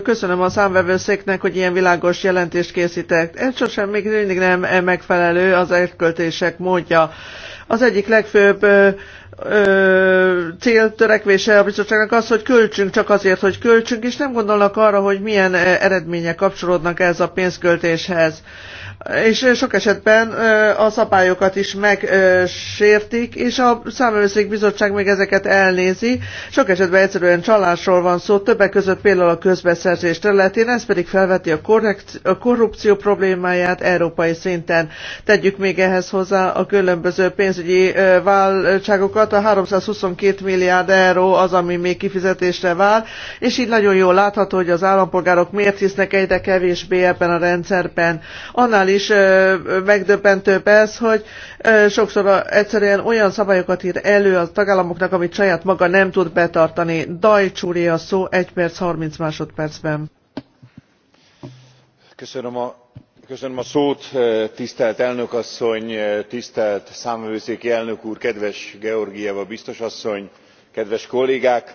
köszönöm a számvevőszéknek, hogy ilyen világos jelentést készített. Ez sosem még mindig nem e megfelelő az elköltések módja. Az egyik legfőbb ö, cél törekvése a bizottságnak az, hogy költsünk csak azért, hogy költsünk, és nem gondolnak arra, hogy milyen eredmények kapcsolódnak ez a pénzköltéshez és eh, sok esetben eh, a szabályokat is megsértik, és a számövőszék bizottság még ezeket elnézi. Sok esetben egyszerűen csalásról van szó, többek között például a közbeszerzés területén, ez pedig felveti a, a korrupció problémáját európai szinten. Tegyük még ehhez hozzá a különböző pénzügyi eh, váltságokat, a 322 milliárd euró az, ami még kifizetésre vár, és így nagyon jól látható, hogy az állampolgárok miért hisznek egyre kevésbé ebben a rendszerben. Annál annál is megdöbbentőbb ez, hogy sokszor egyszerűen olyan szabályokat ír elő a tagállamoknak, amit saját maga nem tud betartani. Dajcsúri a szó egy perc 30 másodpercben. Köszönöm a köszönöm a szót tisztelt elnök asszony tisztelt számvevőszéki elnök úr kedves georgieva biztos asszony kedves kollégák!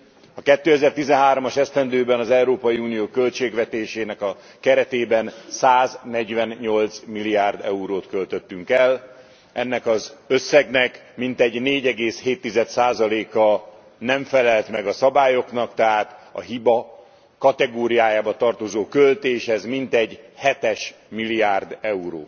a two thousand and thirteen as esztendőben az európai unió költségvetésének a keretében one hundred and forty eight milliárd eurót költöttünk el ennek az összegnek mintegy four seven a nem felelt meg a szabályoknak tehát a hiba kategóriájába tartozó költés ez mintegy seven milliárd euró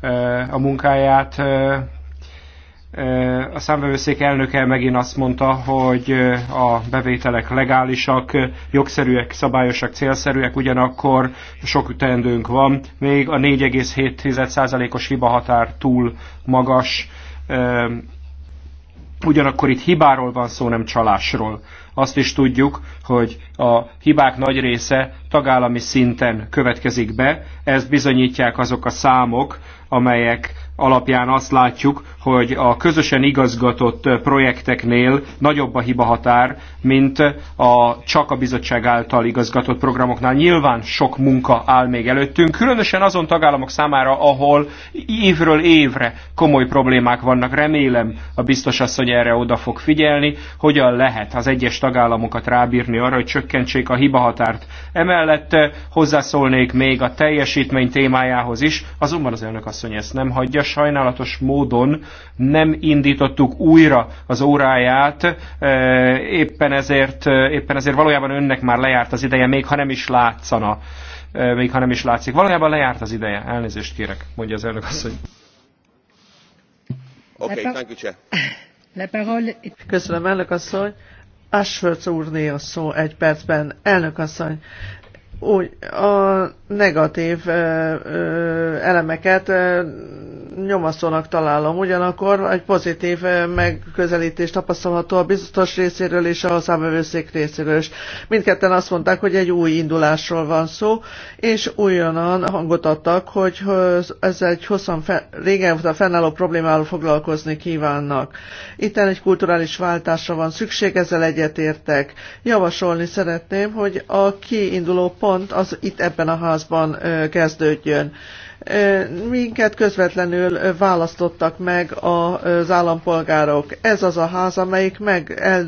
Eh, a munkáját. Eh, eh, a számvevőszék elnöke megint azt mondta, hogy a bevételek legálisak, jogszerűek, szabályosak, célszerűek, ugyanakkor sok teendőnk van. Még a 4,7%-os hibahatár túl magas. Ugyanakkor itt hibáról van szó, nem csalásról. Azt is tudjuk, hogy a hibák nagy része tagállami szinten következik be, ezt bizonyítják azok a számok, amelyek alapján azt látjuk, hogy a közösen igazgatott projekteknél nagyobb a hibahatár, mint a csak a bizottság által igazgatott programoknál. Nyilván sok munka áll még előttünk, különösen azon tagállamok számára, ahol évről évre komoly problémák vannak. Remélem a biztos asszony erre oda fog figyelni, hogyan lehet az egyes tagállamokat rábírni arra, hogy csökkentsék a hibahatárt. Emellett hozzászólnék még a teljesítmény témájához is, azonban az elnök azt asszony ezt nem hagyja. Sajnálatos módon nem indítottuk újra az óráját, e, éppen ezért, e, éppen ezért valójában önnek már lejárt az ideje, még ha nem is látszana, e, még ha nem is látszik. Valójában lejárt az ideje. Elnézést kérek, mondja az elnök asszony. Okay, Köszönöm, elnök asszony. Ashworth úrné a szó egy percben. Elnök asszony, úgy a negatív ö, ö, elemeket ö, nyomaszónak találom. Ugyanakkor egy pozitív eh, megközelítés tapasztalható a biztos részéről és a számövőszék részéről is. Mindketten azt mondták, hogy egy új indulásról van szó, és újonnan hangot adtak, hogy eh, ez egy hosszan fe, régen a fennálló problémáról foglalkozni kívánnak. Itten egy kulturális váltásra van szükség, ezzel egyetértek. Javasolni szeretném, hogy a kiinduló pont az itt ebben a házban eh, kezdődjön. Minket közvetlenül választottak meg az állampolgárok. Ez az a ház, amelyik, meg, el,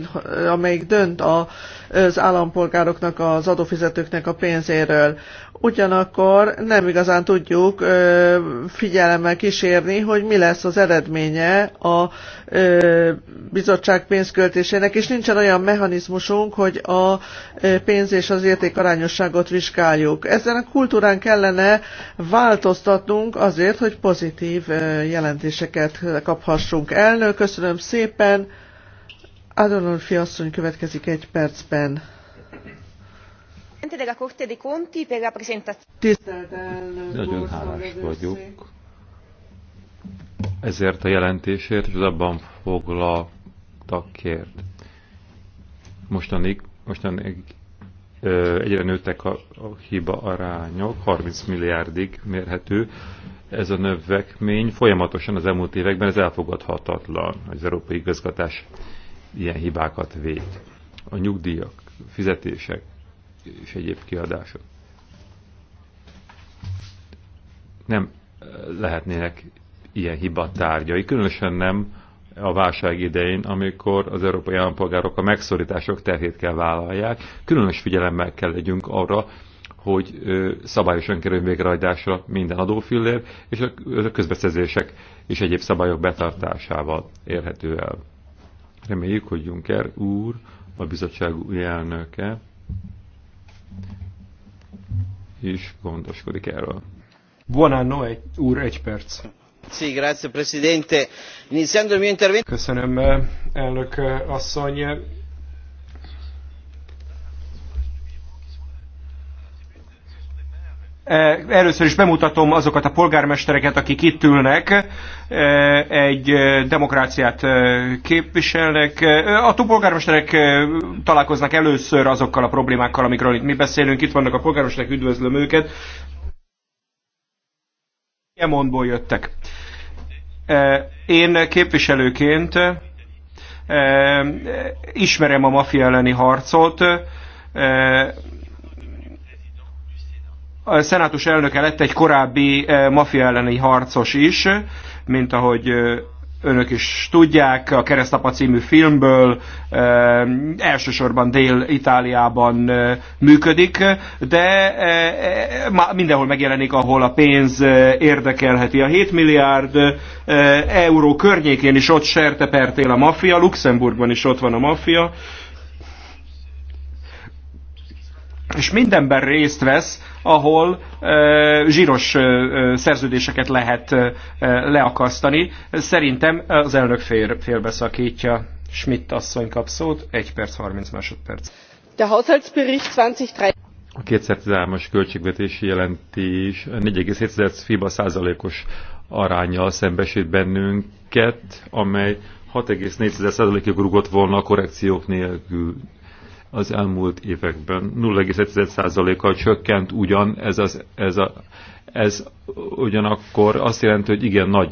amelyik dönt a, az állampolgároknak, az adófizetőknek a pénzéről ugyanakkor nem igazán tudjuk ö, figyelemmel kísérni, hogy mi lesz az eredménye a ö, bizottság pénzköltésének, és nincsen olyan mechanizmusunk, hogy a pénz és az érték arányosságot vizsgáljuk. Ezen a kultúrán kellene változtatnunk azért, hogy pozitív jelentéseket kaphassunk. Elnök, köszönöm szépen. Adonolfi asszony következik egy percben presidente della Corte dei Conti per la presentazione. Nagyon hálás vagyok ezért a jelentésért, és abban foglaltakért. Mostanig, mostanig ö, egyre nőttek a, a hiba arányok, 30 milliárdig mérhető. Ez a növekmény folyamatosan az elmúlt években ez elfogadhatatlan, hogy az európai igazgatás ilyen hibákat véd. A nyugdíjak, fizetések és egyéb kiadások nem lehetnének ilyen hibatárgyai, különösen nem a válság idején, amikor az európai állampolgárok a megszorítások terhét kell vállalják. Különös figyelemmel kell legyünk arra, hogy szabályosan kerül végrehajtásra minden adófillér, és a közbeszerzések és egyéb szabályok betartásával érhető el. Reméljük, hogy Juncker úr, a bizottság új elnöke is gondoskodik erről. Buonanno egy, úr, egy perc. Sí, grazie, Presidente. Iniziando il mio intervento... Köszönöm, eh, elnök eh, asszony Eh, először is bemutatom azokat a polgármestereket, akik itt ülnek, eh, egy eh, demokráciát képviselnek. A polgármesterek találkoznak először azokkal a problémákkal, amikről itt mi beszélünk. Itt vannak a polgármesterek, üdvözlöm őket. Emondból jöttek. Én képviselőként ismerem a mafia elleni harcot, a szenátus elnöke lett egy korábbi eh, mafia elleni harcos is, mint ahogy eh, önök is tudják, a Keresztapa című filmből eh, elsősorban Dél-Itáliában működik, de mindenhol megjelenik, ahol a pénz érdekelheti. A 7 milliárd euró környékén is ott sertepertél a maffia, Luxemburgban is ott van a maffia, és mindenben részt vesz, ahol e, zsíros e, szerződéseket lehet e, leakasztani. Szerintem az elnök fél, félbeszakítja. Schmidt asszony kap szót, 1 perc 30 másodperc. A 2013-as költségvetési jelentés 4,7 FIBA százalékos arányjal szembesít bennünket, amely 6,4 százalékig rugott volna a korrekciók nélkül az elmúlt években. 0,1%-kal csökkent ugyan, ez, az, ez, a, ez ugyanakkor azt jelenti, hogy igen nagy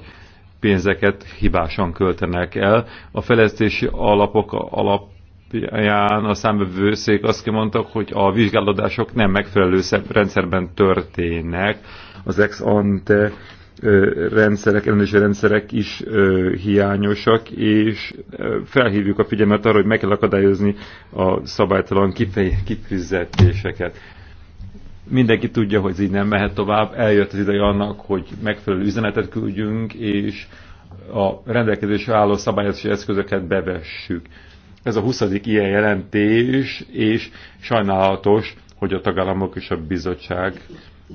pénzeket hibásan költenek el. A fejlesztési alapok alapján a számvevőszék azt kimondtak, hogy a vizsgálódások nem megfelelő rendszerben történnek. Az ex ante rendszerek, ellenőrző rendszerek is ö, hiányosak, és felhívjuk a figyelmet arra, hogy meg kell akadályozni a szabálytalan kifizetéseket. Mindenki tudja, hogy ez így nem mehet tovább. Eljött az ideje annak, hogy megfelelő üzenetet küldjünk, és a rendelkezésre álló szabályozási eszközöket bevessük. Ez a 20. ilyen jelentés, és sajnálatos, hogy a tagállamok és a bizottság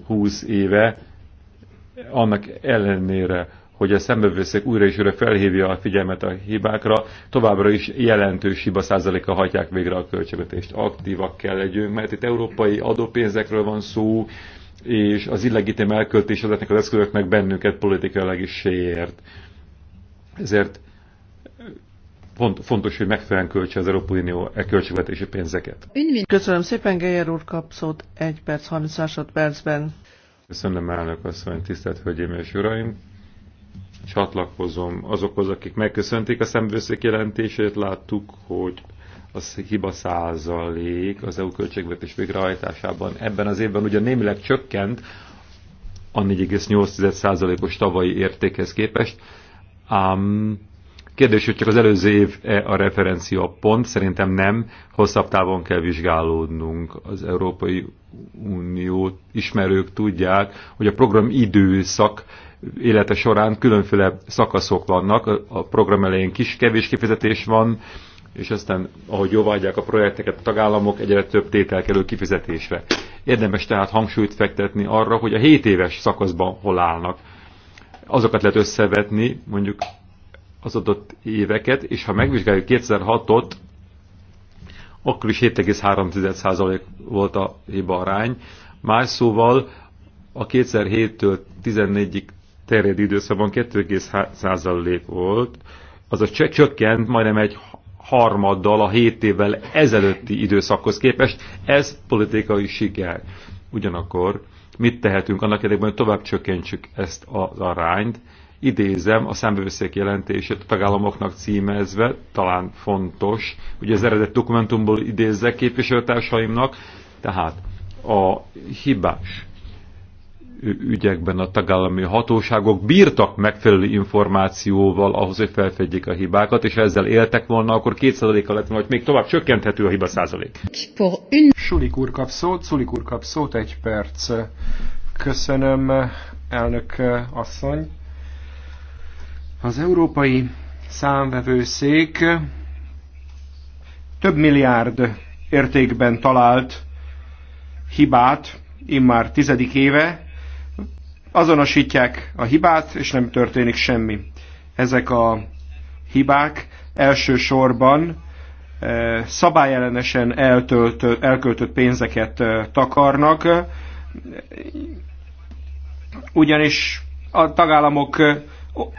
20 éve annak ellenére, hogy a szembevőszék újra és újra felhívja a figyelmet a hibákra, továbbra is jelentős hiba százaléka hagyják végre a költségvetést. Aktívak kell legyünk, mert itt európai adópénzekről van szó, és az illegitim elköltés ezeknek az eszközöknek bennünket politikailag is sért. Ezért fontos, hogy megfelelően költse az Európai Unió e költségvetési pénzeket. Köszönöm szépen, Geyer úr kapszót 1 perc 30 másodpercben. Köszönöm elnök asszony, tisztelt Hölgyeim és Uraim! Csatlakozom azokhoz, akik megköszönték a szemvőszék jelentését. Láttuk, hogy az hiba százalék az EU költségvetés végrehajtásában ebben az évben ugye némileg csökkent a 4,8 os tavalyi értékhez képest, ám Kérdés, hogy csak az előző év -e a referencia pont, szerintem nem, hosszabb távon kell vizsgálódnunk. Az Európai Unió ismerők tudják, hogy a program időszak élete során különféle szakaszok vannak, a program elején kis kevés kifizetés van, és aztán, ahogy jóvágyják a projekteket a tagállamok, egyre több tétel kerül kifizetésre. Érdemes tehát hangsúlyt fektetni arra, hogy a 7 éves szakaszban hol állnak. Azokat lehet összevetni, mondjuk az adott éveket, és ha megvizsgáljuk 2006-ot, akkor is 7,3% volt a hiba arány. Más szóval a 2007-től 14-ig terjedő időszakban 2,1% volt, a csökkent majdnem egy harmaddal a 7 évvel ezelőtti időszakhoz képest. Ez politikai siker. Ugyanakkor mit tehetünk annak érdekében, hogy tovább csökkentsük ezt az arányt, idézem a számbevőszék jelentését tagállamoknak címezve, talán fontos, ugye az eredet dokumentumból idézzek képviselőtársaimnak, tehát a hibás ügyekben a tagállami hatóságok bírtak megfelelő információval ahhoz, hogy felfedjék a hibákat, és ha ezzel éltek volna, akkor két a lett volna, hogy még tovább csökkenthető a hiba százalék. Sulik úr kap szót, Sulik úr kap szót, egy perc. Köszönöm, elnök eh, asszony. Az európai számvevőszék több milliárd értékben talált hibát, immár tizedik éve, azonosítják a hibát, és nem történik semmi. Ezek a hibák elsősorban eh, szabályellenesen eltölt, elköltött pénzeket eh, takarnak, ugyanis a tagállamok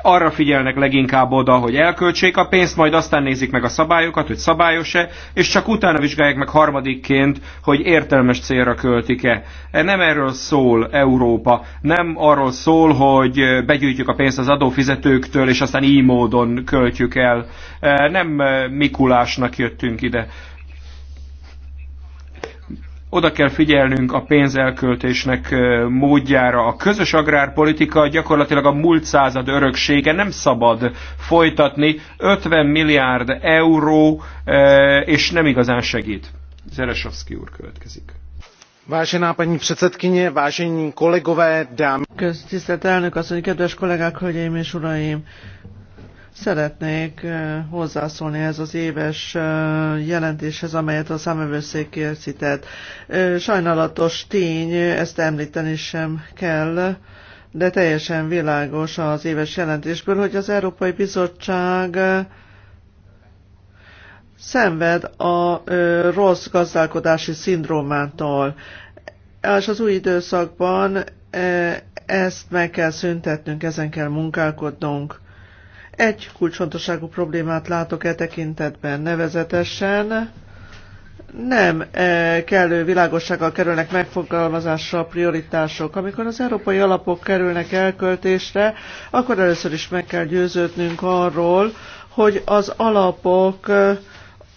arra figyelnek leginkább oda, hogy elköltsék a pénzt, majd aztán nézik meg a szabályokat, hogy szabályos-e, és csak utána vizsgálják meg harmadikként, hogy értelmes célra költik-e. E, nem erről szól Európa, nem arról szól, hogy e, begyűjtjük a pénzt az adófizetőktől, és aztán így módon költjük el. E, nem Mikulásnak jöttünk ide. Oda kell figyelnünk a pénzelköltésnek módjára. A közös agrárpolitika gyakorlatilag a múlt század öröksége nem szabad folytatni. 50 milliárd euró, és nem igazán segít. Zeresovszki úr következik. Vážená paní předsedkyně, vážení kolegové, dámy. Tisztelt elnök asszony, kedves kollégák, hölgyeim és uraim! Szeretnék hozzászólni ez az éves jelentéshez, amelyet a számövőszék készített. Sajnálatos tény, ezt említeni sem kell, de teljesen világos az éves jelentésből, hogy az Európai Bizottság szenved a rossz gazdálkodási szindrómától. És az új időszakban ezt meg kell szüntetnünk, ezen kell munkálkodnunk egy kulcsfontosságú problémát látok e tekintetben, nevezetesen nem e, kellő világossággal kerülnek megfogalmazásra a prioritások. Amikor az európai alapok kerülnek elköltésre, akkor először is meg kell győződnünk arról, hogy az alapok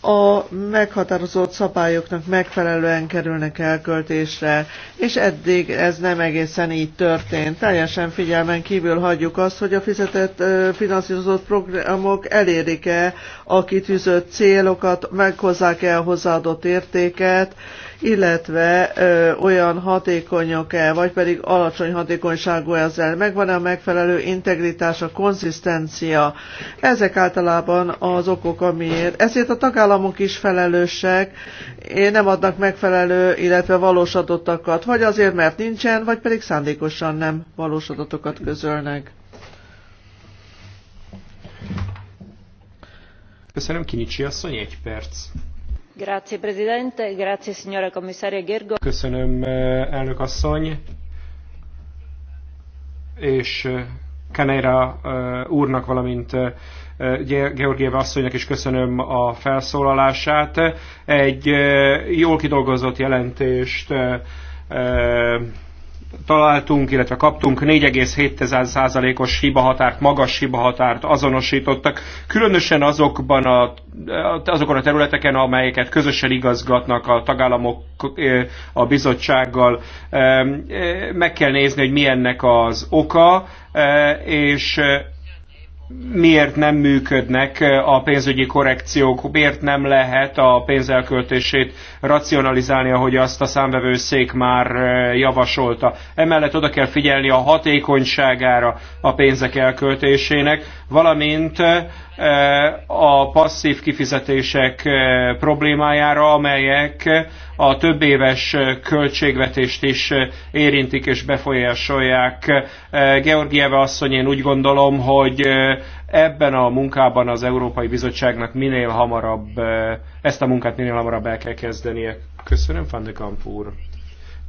a meghatározott szabályoknak megfelelően kerülnek elköltésre, és eddig ez nem egészen így történt. Teljesen figyelmen kívül hagyjuk azt, hogy a fizetett finanszírozott programok elérik-e a kitűzött célokat, meghozzák-e a hozzáadott értéket, illetve ö, olyan hatékonyok-e, vagy pedig alacsony hatékonyságú ezzel, megvan-e a megfelelő integritás, a konzisztencia. Ezek általában az okok, amiért. Ezért a tagállamok is felelősek, nem adnak megfelelő, illetve valós adottakat, vagy azért, mert nincsen, vagy pedig szándékosan nem valós adatokat közölnek. Köszönöm, Kinicsi asszony, egy perc. Köszönöm, eh, elnök asszony. És caneira eh, eh, úrnak, valamint Georgieva asszonynak is köszönöm a felszólalását. Egy jól kidolgozott jelentést találtunk, illetve kaptunk 4,7%-os hibahatárt, magas hibahatárt azonosítottak, különösen azokban a, azokon a területeken, amelyeket közösen igazgatnak a tagállamok eh, a bizottsággal. Eh, eh, meg kell nézni, hogy milyennek az oka, és miért nem működnek eh, a pénzügyi korrekciók, miért nem lehet a pénzelköltését racionalizálni, ahogy azt a számvevőszék már eh, javasolta. Emellett oda kell figyelni a hatékonyságára a pénzek elköltésének, valamint eh, Eh, a passzív kifizetések eh, problémájára, amelyek a több éves eh, költségvetést is érintik és befolyásolják. Georgieva asszony, én úgy gondolom, hogy ebben a munkában az Európai Bizottságnak minél hamarabb, ezt a munkát minél hamarabb el kell kezdenie. Köszönöm, Van de Kamp úr.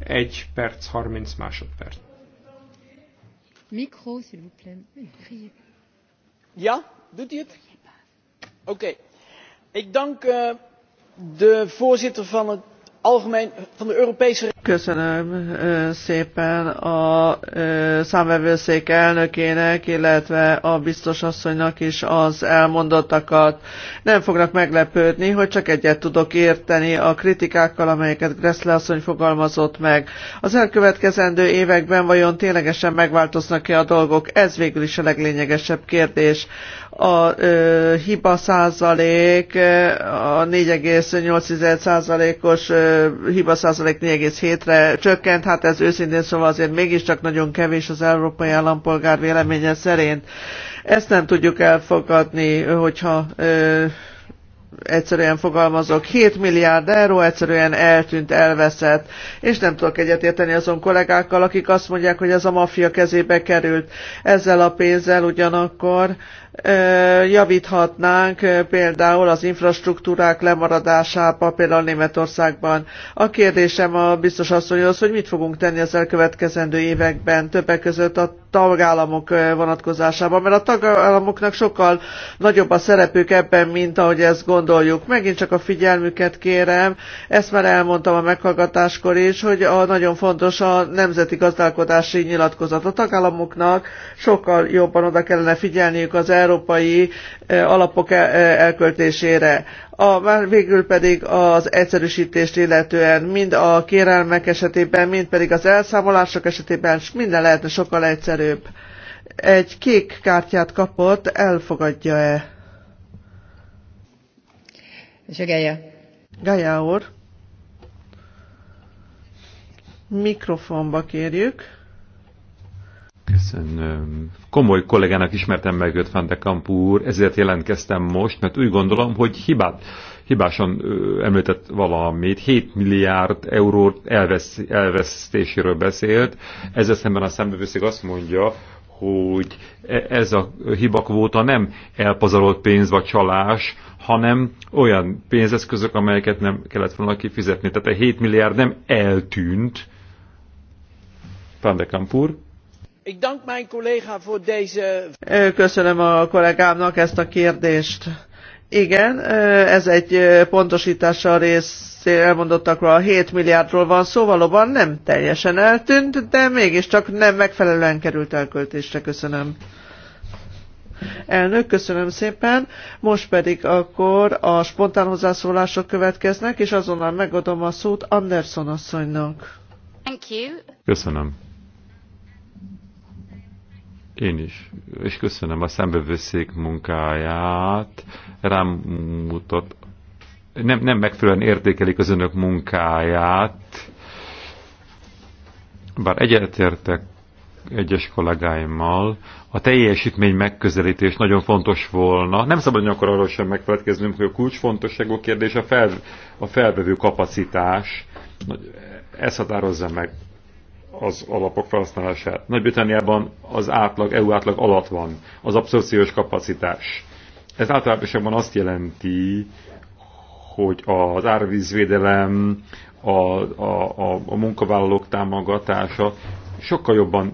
Egy perc, 30 másodperc. Mikro, s'il vous plaît. Ja? ik dank eh, de voorzitter van het Köszönöm eh, szépen a eh, számvevőszék elnökének, illetve a biztos asszonynak is az elmondottakat. Nem fognak meglepődni, hogy csak egyet tudok érteni a kritikákkal, amelyeket Gressle asszony fogalmazott meg. Az elkövetkezendő években vajon ténylegesen megváltoznak-e a dolgok? Ez végül is a leglényegesebb kérdés a ö, hiba százalék, a 4,8 százalékos ö, hiba százalék 4,7-re csökkent, hát ez őszintén szóval azért mégiscsak nagyon kevés az európai állampolgár véleménye szerint. Ezt nem tudjuk elfogadni, hogyha ö, egyszerűen fogalmazok, 7 milliárd euró egyszerűen eltűnt, elveszett, és nem tudok egyetérteni azon kollégákkal, akik azt mondják, hogy ez a maffia kezébe került. Ezzel a pénzzel ugyanakkor javíthatnánk például az infrastruktúrák lemaradásába, például Németországban. A kérdésem a biztos asszonyhoz, hogy mit fogunk tenni az elkövetkezendő években, többek között a tagállamok vonatkozásában, mert a tagállamoknak sokkal nagyobb a szerepük ebben, mint ahogy ezt gondoljuk. Megint csak a figyelmüket kérem, ezt már elmondtam a meghallgatáskor is, hogy a, nagyon fontos a nemzeti gazdálkodási nyilatkozat. A tagállamoknak sokkal jobban oda kellene figyelniük az el európai alapok elköltésére. A, már végül pedig az egyszerűsítést illetően mind a kérelmek esetében, mind pedig az elszámolások esetében minden lehetne sokkal egyszerűbb. Egy kék kártyát kapott, elfogadja-e? Zsögelje. Gaja úr. Mikrofonba kérjük. Köszönöm. Komoly kollégának ismertem meg őt, Fante úr, ezért jelentkeztem most, mert úgy gondolom, hogy hibát, hibásan említett valamit. 7 milliárd euró elvesz, elvesztéséről beszélt. Ezzel szemben a szembevőszék azt mondja, hogy e, ez a hibakvóta nem elpazarolt pénz vagy csalás, hanem olyan pénzeszközök, amelyeket nem kellett volna kifizetni. Tehát a 7 milliárd nem eltűnt, Pandekampur, Köszönöm a kollégámnak ezt a kérdést. Igen, eh, ez egy eh, pontosítása a rész elmondottakról. A 7 milliárdról van szó, valóban nem teljesen eltűnt, de mégiscsak nem megfelelően került elköltésre. Köszönöm. Elnök, köszönöm szépen. Most pedig akkor a spontán hozzászólások következnek, és azonnal megadom a szót Anderson asszonynak. Thank you. Köszönöm. Én is. És köszönöm a szembevőszék munkáját. Rám mutat. Nem, nem megfelelően értékelik az önök munkáját. Bár egyetértek egyes kollégáimmal, a teljesítmény megközelítés nagyon fontos volna. Nem szabad akkor arról sem megfeledkeznünk, hogy a kulcsfontosságú kérdés a, fel, a felvevő kapacitás. Ez határozza meg az alapok felhasználását. Nagy-Britanniában az átlag, EU átlag alatt van az abszorciós kapacitás. Ez általában azt jelenti, hogy az árvízvédelem, a, a, a, a munkavállalók támogatása sokkal jobban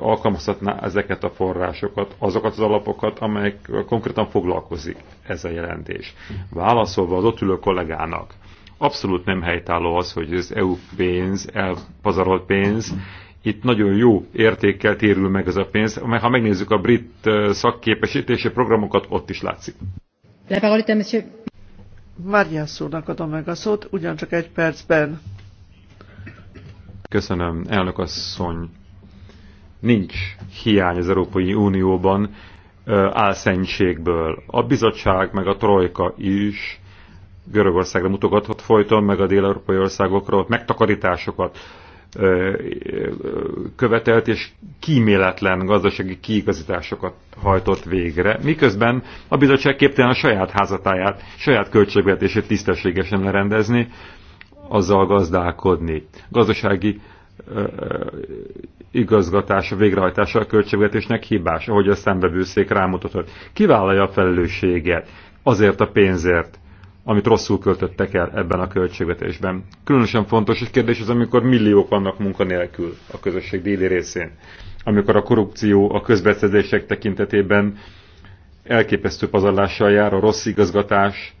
alkalmazhatná ezeket a forrásokat, azokat az alapokat, amelyek konkrétan foglalkozik ez a jelentés. Válaszolva az ott ülő kollégának, Abszolút nem helytálló az, hogy az EU pénz, elpazarolt pénz, itt nagyon jó értékkel térül meg ez a pénz, mert ha megnézzük a brit szakképesítési programokat, ott is látszik. La Várjász úrnak adom meg a szót, ugyancsak egy percben. Köszönöm, elnök asszony. Nincs hiány az Európai Unióban álszentségből. A bizottság meg a trojka is Görögországra mutogathat folyton, meg a dél-európai országokra, ott megtakarításokat követelt és kíméletlen gazdasági kiigazításokat hajtott végre, miközben a bizottság képtelen a saját házatáját, saját költségvetését tisztességesen lerendezni, azzal gazdálkodni. Gazdasági igazgatása, végrehajtása a költségvetésnek hibás, ahogy a szembevőszék rámutatott. Kivállalja a felelősséget azért a pénzért, amit rosszul költöttek el ebben a költségvetésben. Különösen fontos egy kérdés az, amikor milliók vannak munkanélkül a közösség déli részén. Amikor a korrupció a közbeszerzések tekintetében elképesztő pazarlással jár, a rossz igazgatás,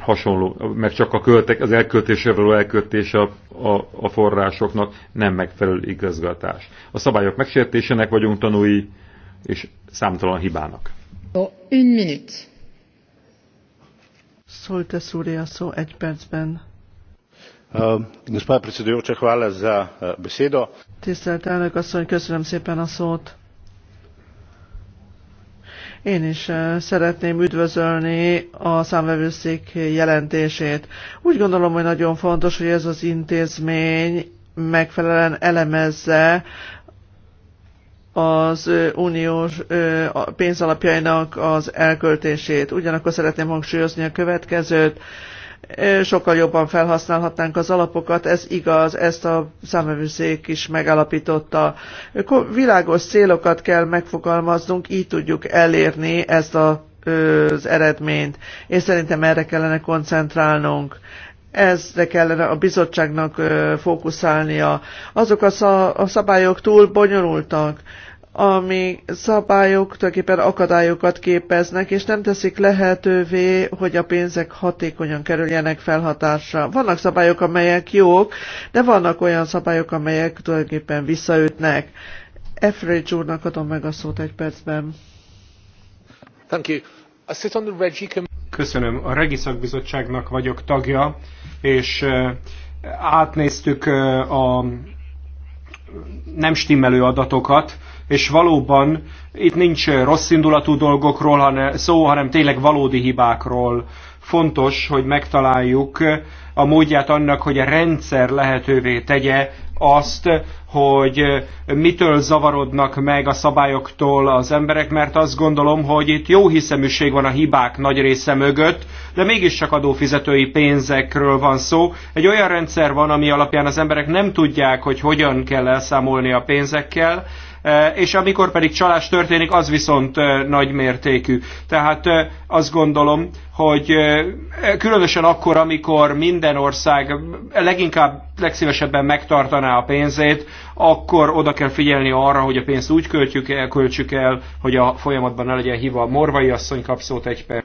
hasonló, meg csak a költek, az elköltésről elköltés a, a, a forrásoknak nem megfelelő igazgatás. A szabályok megsértésének vagyunk tanúi, és számtalan hibának. Oh, Szoltesz úr, egy percben. Gospa predsedujoča, hvala za besedo. Tisztelt elnök asszony, köszönöm szépen a szót. Én is szeretném üdvözölni a számvevőszék jelentését. Úgy gondolom, hogy nagyon fontos, hogy ez az intézmény megfelelően elemezze az uniós pénzalapjainak az elköltését. Ugyanakkor szeretném hangsúlyozni a következőt, sokkal jobban felhasználhatnánk az alapokat, ez igaz, ezt a számövőszék is megállapította. Világos célokat kell megfogalmaznunk, így tudjuk elérni ezt a, az eredményt, és szerintem erre kellene koncentrálnunk ezre kellene a bizottságnak fókuszálnia. Azok a szabályok túl bonyolultak ami szabályok tulajdonképpen akadályokat képeznek, és nem teszik lehetővé, hogy a pénzek hatékonyan kerüljenek felhatásra. Vannak szabályok, amelyek jók, de vannak olyan szabályok, amelyek tulajdonképpen visszaütnek. Efridge úrnak adom meg a szót egy percben. Thank you. I sit on the Köszönöm. A Regi Szakbizottságnak vagyok tagja, és átnéztük a nem stimmelő adatokat, és valóban itt nincs rossz indulatú dolgokról hanem, szó, hanem tényleg valódi hibákról. Fontos, hogy megtaláljuk a módját annak, hogy a rendszer lehetővé tegye azt, hogy mitől zavarodnak meg a szabályoktól az emberek, mert azt gondolom, hogy itt jó hiszeműség van a hibák nagy része mögött, de mégiscsak adófizetői pénzekről van szó. Egy olyan rendszer van, ami alapján az emberek nem tudják, hogy hogyan kell elszámolni a pénzekkel, Eh, és amikor pedig csalás történik, az viszont eh, nagy mértékű. Tehát eh, azt gondolom, hogy különösen akkor, amikor minden ország leginkább, legszívesebben megtartaná a pénzét, akkor oda kell figyelni arra, hogy a pénzt úgy költjük el, költsük el, hogy a folyamatban ne legyen hiva. Morvai asszony kap szót egy perc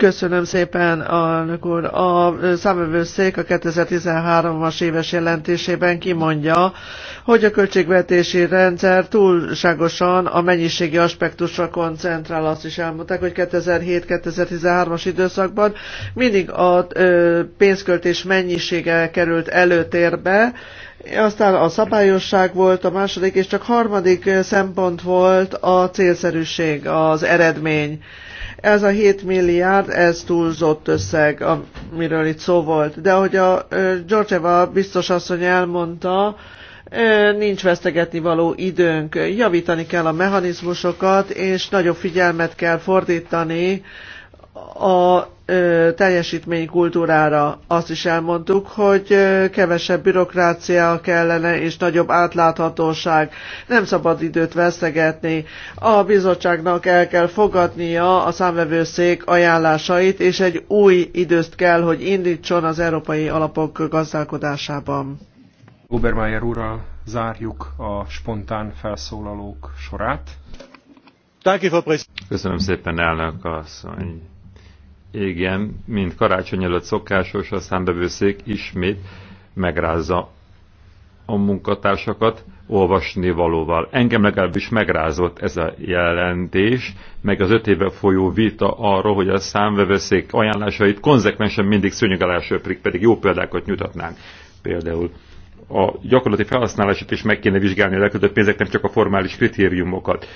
Köszönöm szépen, elnök úr. A számövőszék a 2013-as éves jelentésében kimondja, hogy a költségvetési rendszer túlságosan a mennyiségi aspektusra koncentrál. Azt is elmondták, hogy 2007-2013-as időszakban mindig a pénzköltés mennyisége került előtérbe, aztán a szabályosság volt a második, és csak harmadik szempont volt a célszerűség, az eredmény. Ez a 7 milliárd, ez túlzott összeg, amiről itt szó volt. De ahogy a Georgeva biztos asszony elmondta, nincs vesztegetni való időnk. Javítani kell a mechanizmusokat, és nagyobb figyelmet kell fordítani a ö, teljesítménykultúrára. Azt is elmondtuk, hogy kevesebb bürokrácia kellene és nagyobb átláthatóság. Nem szabad időt vesztegetni. A bizottságnak el kell fogadnia a számvevőszék ajánlásait, és egy új időst kell, hogy indítson az európai alapok gazdálkodásában. Obermeier úrral zárjuk a spontán felszólalók sorát. Köszönöm szépen, elnök asszony. Igen, mint karácsony előtt szokásos, a számbevőszék ismét megrázza a munkatársakat olvasni valóval. Engem legalábbis megrázott ez a jelentés, meg az öt éve folyó vita arról, hogy a számvevőszék ajánlásait konzekvensen mindig szőnyeg alá söprik, pedig jó példákat nyújtatnánk. Például a gyakorlati felhasználását is meg kéne vizsgálni a legközelebb pénzek, nem csak a formális kritériumokat.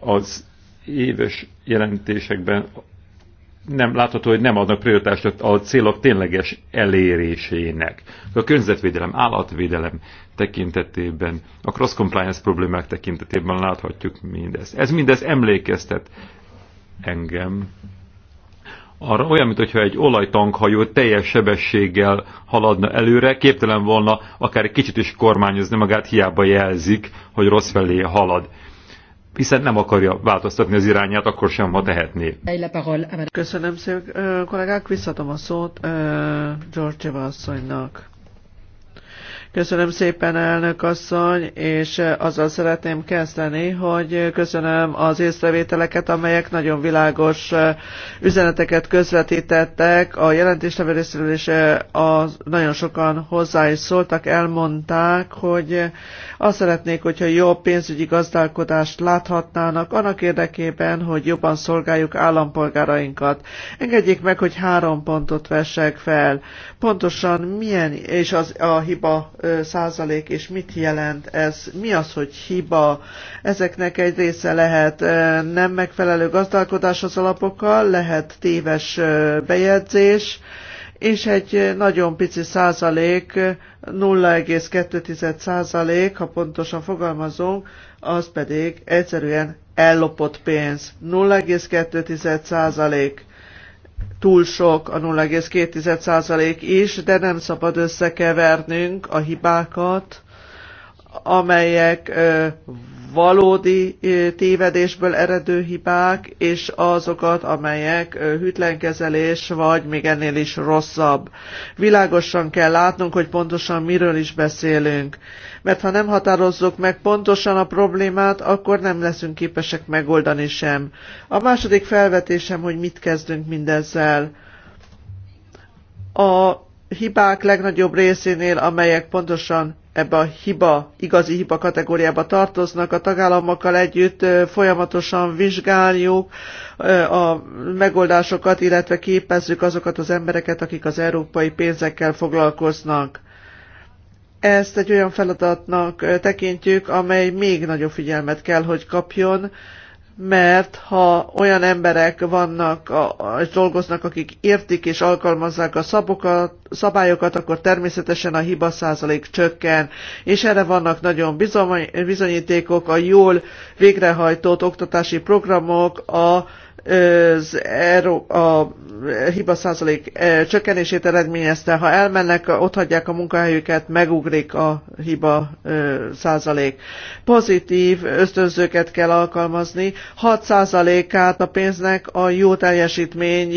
Az éves jelentésekben nem látható, hogy nem adnak prioritást a célok tényleges elérésének. A környezetvédelem, állatvédelem tekintetében, a cross-compliance problémák tekintetében láthatjuk mindezt. Ez mindez emlékeztet engem arra olyan, mintha egy olajtankhajó teljes sebességgel haladna előre, képtelen volna akár egy kicsit is kormányozni magát, hiába jelzik, hogy rossz felé halad hiszen nem akarja változtatni az irányát, akkor sem, ha tehetné. Köszönöm szépen, kollégák, visszatom a szót George asszonynak. Köszönöm szépen, elnök asszony, és azzal szeretném kezdeni, hogy köszönöm az észrevételeket, amelyek nagyon világos üzeneteket közvetítettek. A jelentéstevő részéről is nagyon sokan hozzá is szóltak, elmondták, hogy azt szeretnék, hogyha jobb pénzügyi gazdálkodást láthatnának annak érdekében, hogy jobban szolgáljuk állampolgárainkat. Engedjék meg, hogy három pontot vessek fel. Pontosan milyen, és az a hiba százalék, és mit jelent ez? Mi az, hogy hiba? Ezeknek egy része lehet nem megfelelő gazdálkodás az alapokkal, lehet téves bejegyzés, és egy nagyon pici százalék, 0,2 százalék, ha pontosan fogalmazunk, az pedig egyszerűen ellopott pénz. 0,2 százalék túl sok a 0,2% is, de nem szabad összekevernünk a hibákat, amelyek valódi tévedésből eredő hibák, és azokat, amelyek hűtlenkezelés, vagy még ennél is rosszabb. Világosan kell látnunk, hogy pontosan miről is beszélünk. Mert ha nem határozzuk meg pontosan a problémát, akkor nem leszünk képesek megoldani sem. A második felvetésem, hogy mit kezdünk mindezzel. A hibák legnagyobb részénél, amelyek pontosan ebbe a hiba, igazi hiba kategóriába tartoznak, a tagállamokkal együtt folyamatosan vizsgáljuk a megoldásokat, illetve képezzük azokat az embereket, akik az európai pénzekkel foglalkoznak. Ezt egy olyan feladatnak tekintjük, amely még nagyobb figyelmet kell, hogy kapjon, mert ha olyan emberek vannak és dolgoznak, akik értik és alkalmazzák a szabokat, szabályokat, akkor természetesen a hiba százalék csökken, és erre vannak nagyon bizonyítékok, a jól végrehajtott oktatási programok, a az Euró- a hiba százalék csökkenését eredményezte. Ha elmennek, ott hagyják a munkahelyüket, megugrik a hiba százalék. Pozitív ösztönzőket kell alkalmazni. 6 százalékát a pénznek a jó teljesítmény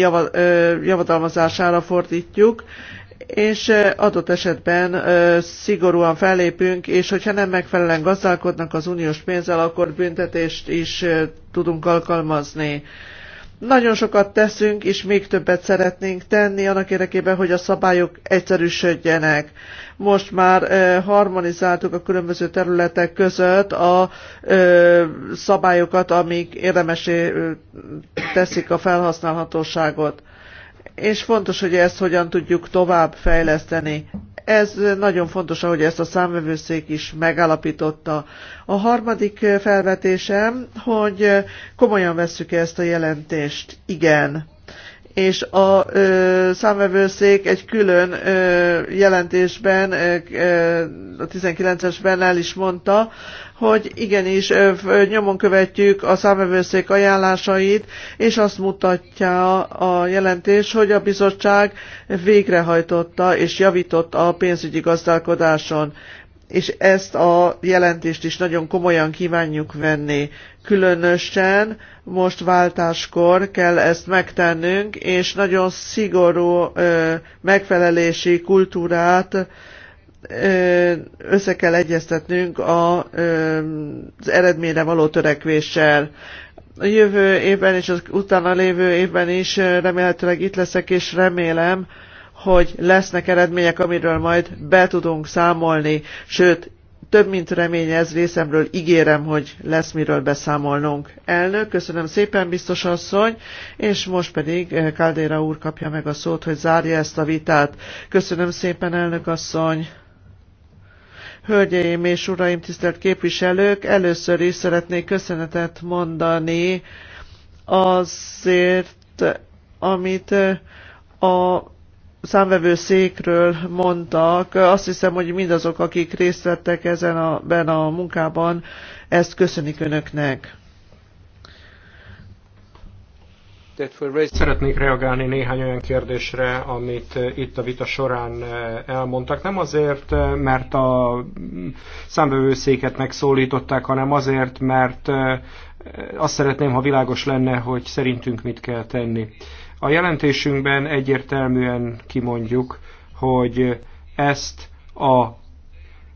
javadalmazására fordítjuk, és adott esetben szigorúan fellépünk, és hogyha nem megfelelően gazdálkodnak az uniós pénzzel, akkor büntetést is tudunk alkalmazni nagyon sokat teszünk, és még többet szeretnénk tenni annak érdekében, hogy a szabályok egyszerűsödjenek. Most már harmonizáltuk a különböző területek között a szabályokat, amik érdemesé teszik a felhasználhatóságot. És fontos, hogy ezt hogyan tudjuk tovább fejleszteni ez nagyon fontos, ahogy ezt a számvevőszék is megállapította. A harmadik felvetésem, hogy komolyan vesszük -e ezt a jelentést. Igen és a ö, számvevőszék egy külön ö, jelentésben, ö, a 19-esben el is mondta, hogy igenis ö, nyomon követjük a számvevőszék ajánlásait, és azt mutatja a jelentés, hogy a bizottság végrehajtotta és javított a pénzügyi gazdálkodáson és ezt a jelentést is nagyon komolyan kívánjuk venni különösen most váltáskor kell ezt megtennünk, és nagyon szigorú megfelelési kultúrát össze kell egyeztetnünk az eredményre való törekvéssel. A jövő évben és az utána lévő évben is remélhetőleg itt leszek, és remélem, hogy lesznek eredmények, amiről majd be tudunk számolni, sőt, több mint remény ez részemről, ígérem, hogy lesz miről beszámolnunk. Elnök, köszönöm szépen, biztos asszony, és most pedig Káldéra eh, úr kapja meg a szót, hogy zárja ezt a vitát. Köszönöm szépen, elnök asszony. Hölgyeim és uraim, tisztelt képviselők, először is szeretnék köszönetet mondani azért, amit eh, a számvevőszékről mondtak, azt hiszem, hogy mindazok, akik részt vettek ezen a, ben a munkában, ezt köszönik önöknek. Szeretnék reagálni néhány olyan kérdésre, amit itt a vita során eh, elmondtak. Nem azért, eh, mert a számbevőszéket megszólították, hanem azért, mert eh, azt szeretném, ha világos lenne, hogy szerintünk mit kell tenni. A jelentésünkben egyértelműen kimondjuk, hogy ezt a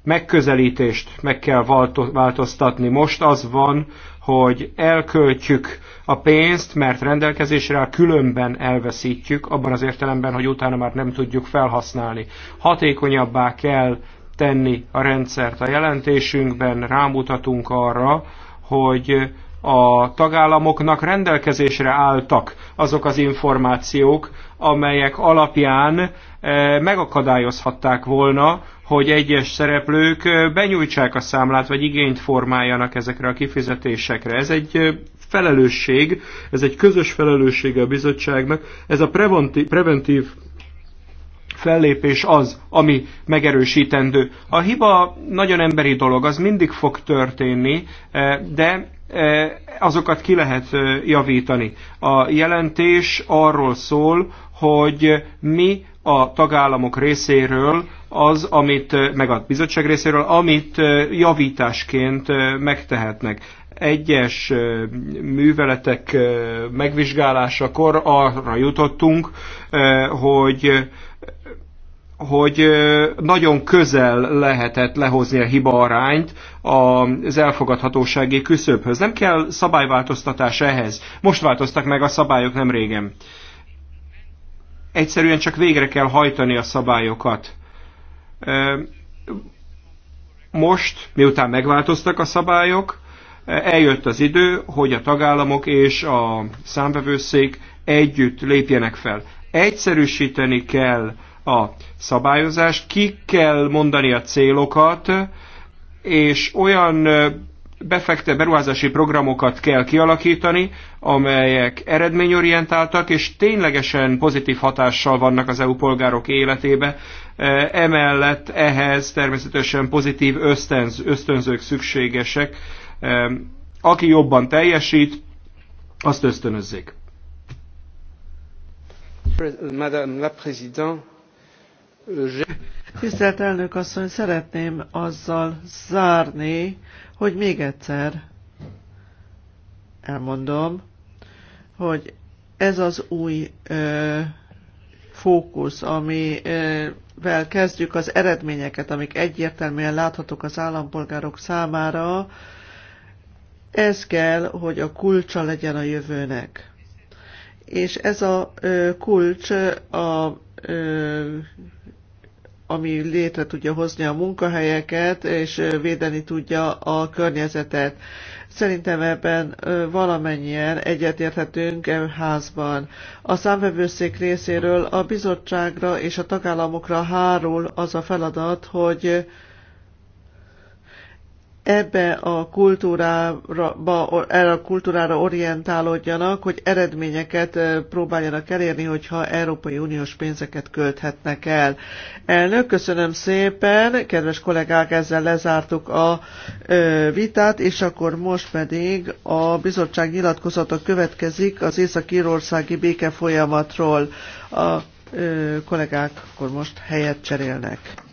megközelítést meg kell változtatni. Most az van, hogy elköltjük a pénzt, mert rendelkezésre különben elveszítjük, abban az értelemben, hogy utána már nem tudjuk felhasználni. Hatékonyabbá kell tenni a rendszert. A jelentésünkben rámutatunk arra, hogy a tagállamoknak rendelkezésre álltak azok az információk, amelyek alapján eh, megakadályozhatták volna, hogy egyes szereplők eh, benyújtsák a számlát, vagy igényt formáljanak ezekre a kifizetésekre. Ez egy eh, felelősség, ez egy közös felelősség a bizottságnak, ez a preventív fellépés az, ami megerősítendő. A hiba nagyon emberi dolog, az mindig fog történni, de azokat ki lehet javítani. A jelentés arról szól, hogy mi a tagállamok részéről az, amit, meg a bizottság részéről, amit javításként megtehetnek egyes műveletek megvizsgálásakor arra jutottunk, hogy hogy nagyon közel lehetett lehozni a hiba arányt az elfogadhatósági küszöbhöz. Nem kell szabályváltoztatás ehhez. Most változtak meg a szabályok nem régen. Egyszerűen csak végre kell hajtani a szabályokat. Most, miután megváltoztak a szabályok, eljött az idő, hogy a tagállamok és a számvevőszék együtt lépjenek fel. Egyszerűsíteni kell a szabályozást, ki kell mondani a célokat, és olyan befekte beruházási programokat kell kialakítani, amelyek eredményorientáltak és ténylegesen pozitív hatással vannak az EU polgárok életébe. Emellett ehhez természetesen pozitív ösztönz, ösztönzők szükségesek. Aki jobban teljesít, azt ösztönözzék. Madame la Présidente, Tisztelt elnök asszony, szeretném azzal zárni, hogy még egyszer elmondom, hogy ez az új ö, fókusz, amivel kezdjük az eredményeket, amik egyértelműen láthatók az állampolgárok számára, ez kell, hogy a kulcsa legyen a jövőnek. És ez a ö, kulcs a ö, ami létre tudja hozni a munkahelyeket, és védeni tudja a környezetet. Szerintem ebben valamennyien egyetérthetünk e házban. A számvevőszék részéről a bizottságra és a tagállamokra hárul az a feladat, hogy ebbe a kultúrába, erre a kultúrára orientálódjanak, hogy eredményeket próbáljanak elérni, hogyha Európai Uniós pénzeket költhetnek el. Elnök, köszönöm szépen, kedves kollégák, ezzel lezártuk a vitát, és akkor most pedig a bizottság nyilatkozata következik az Észak-Írországi folyamatról A kollégák akkor most helyet cserélnek.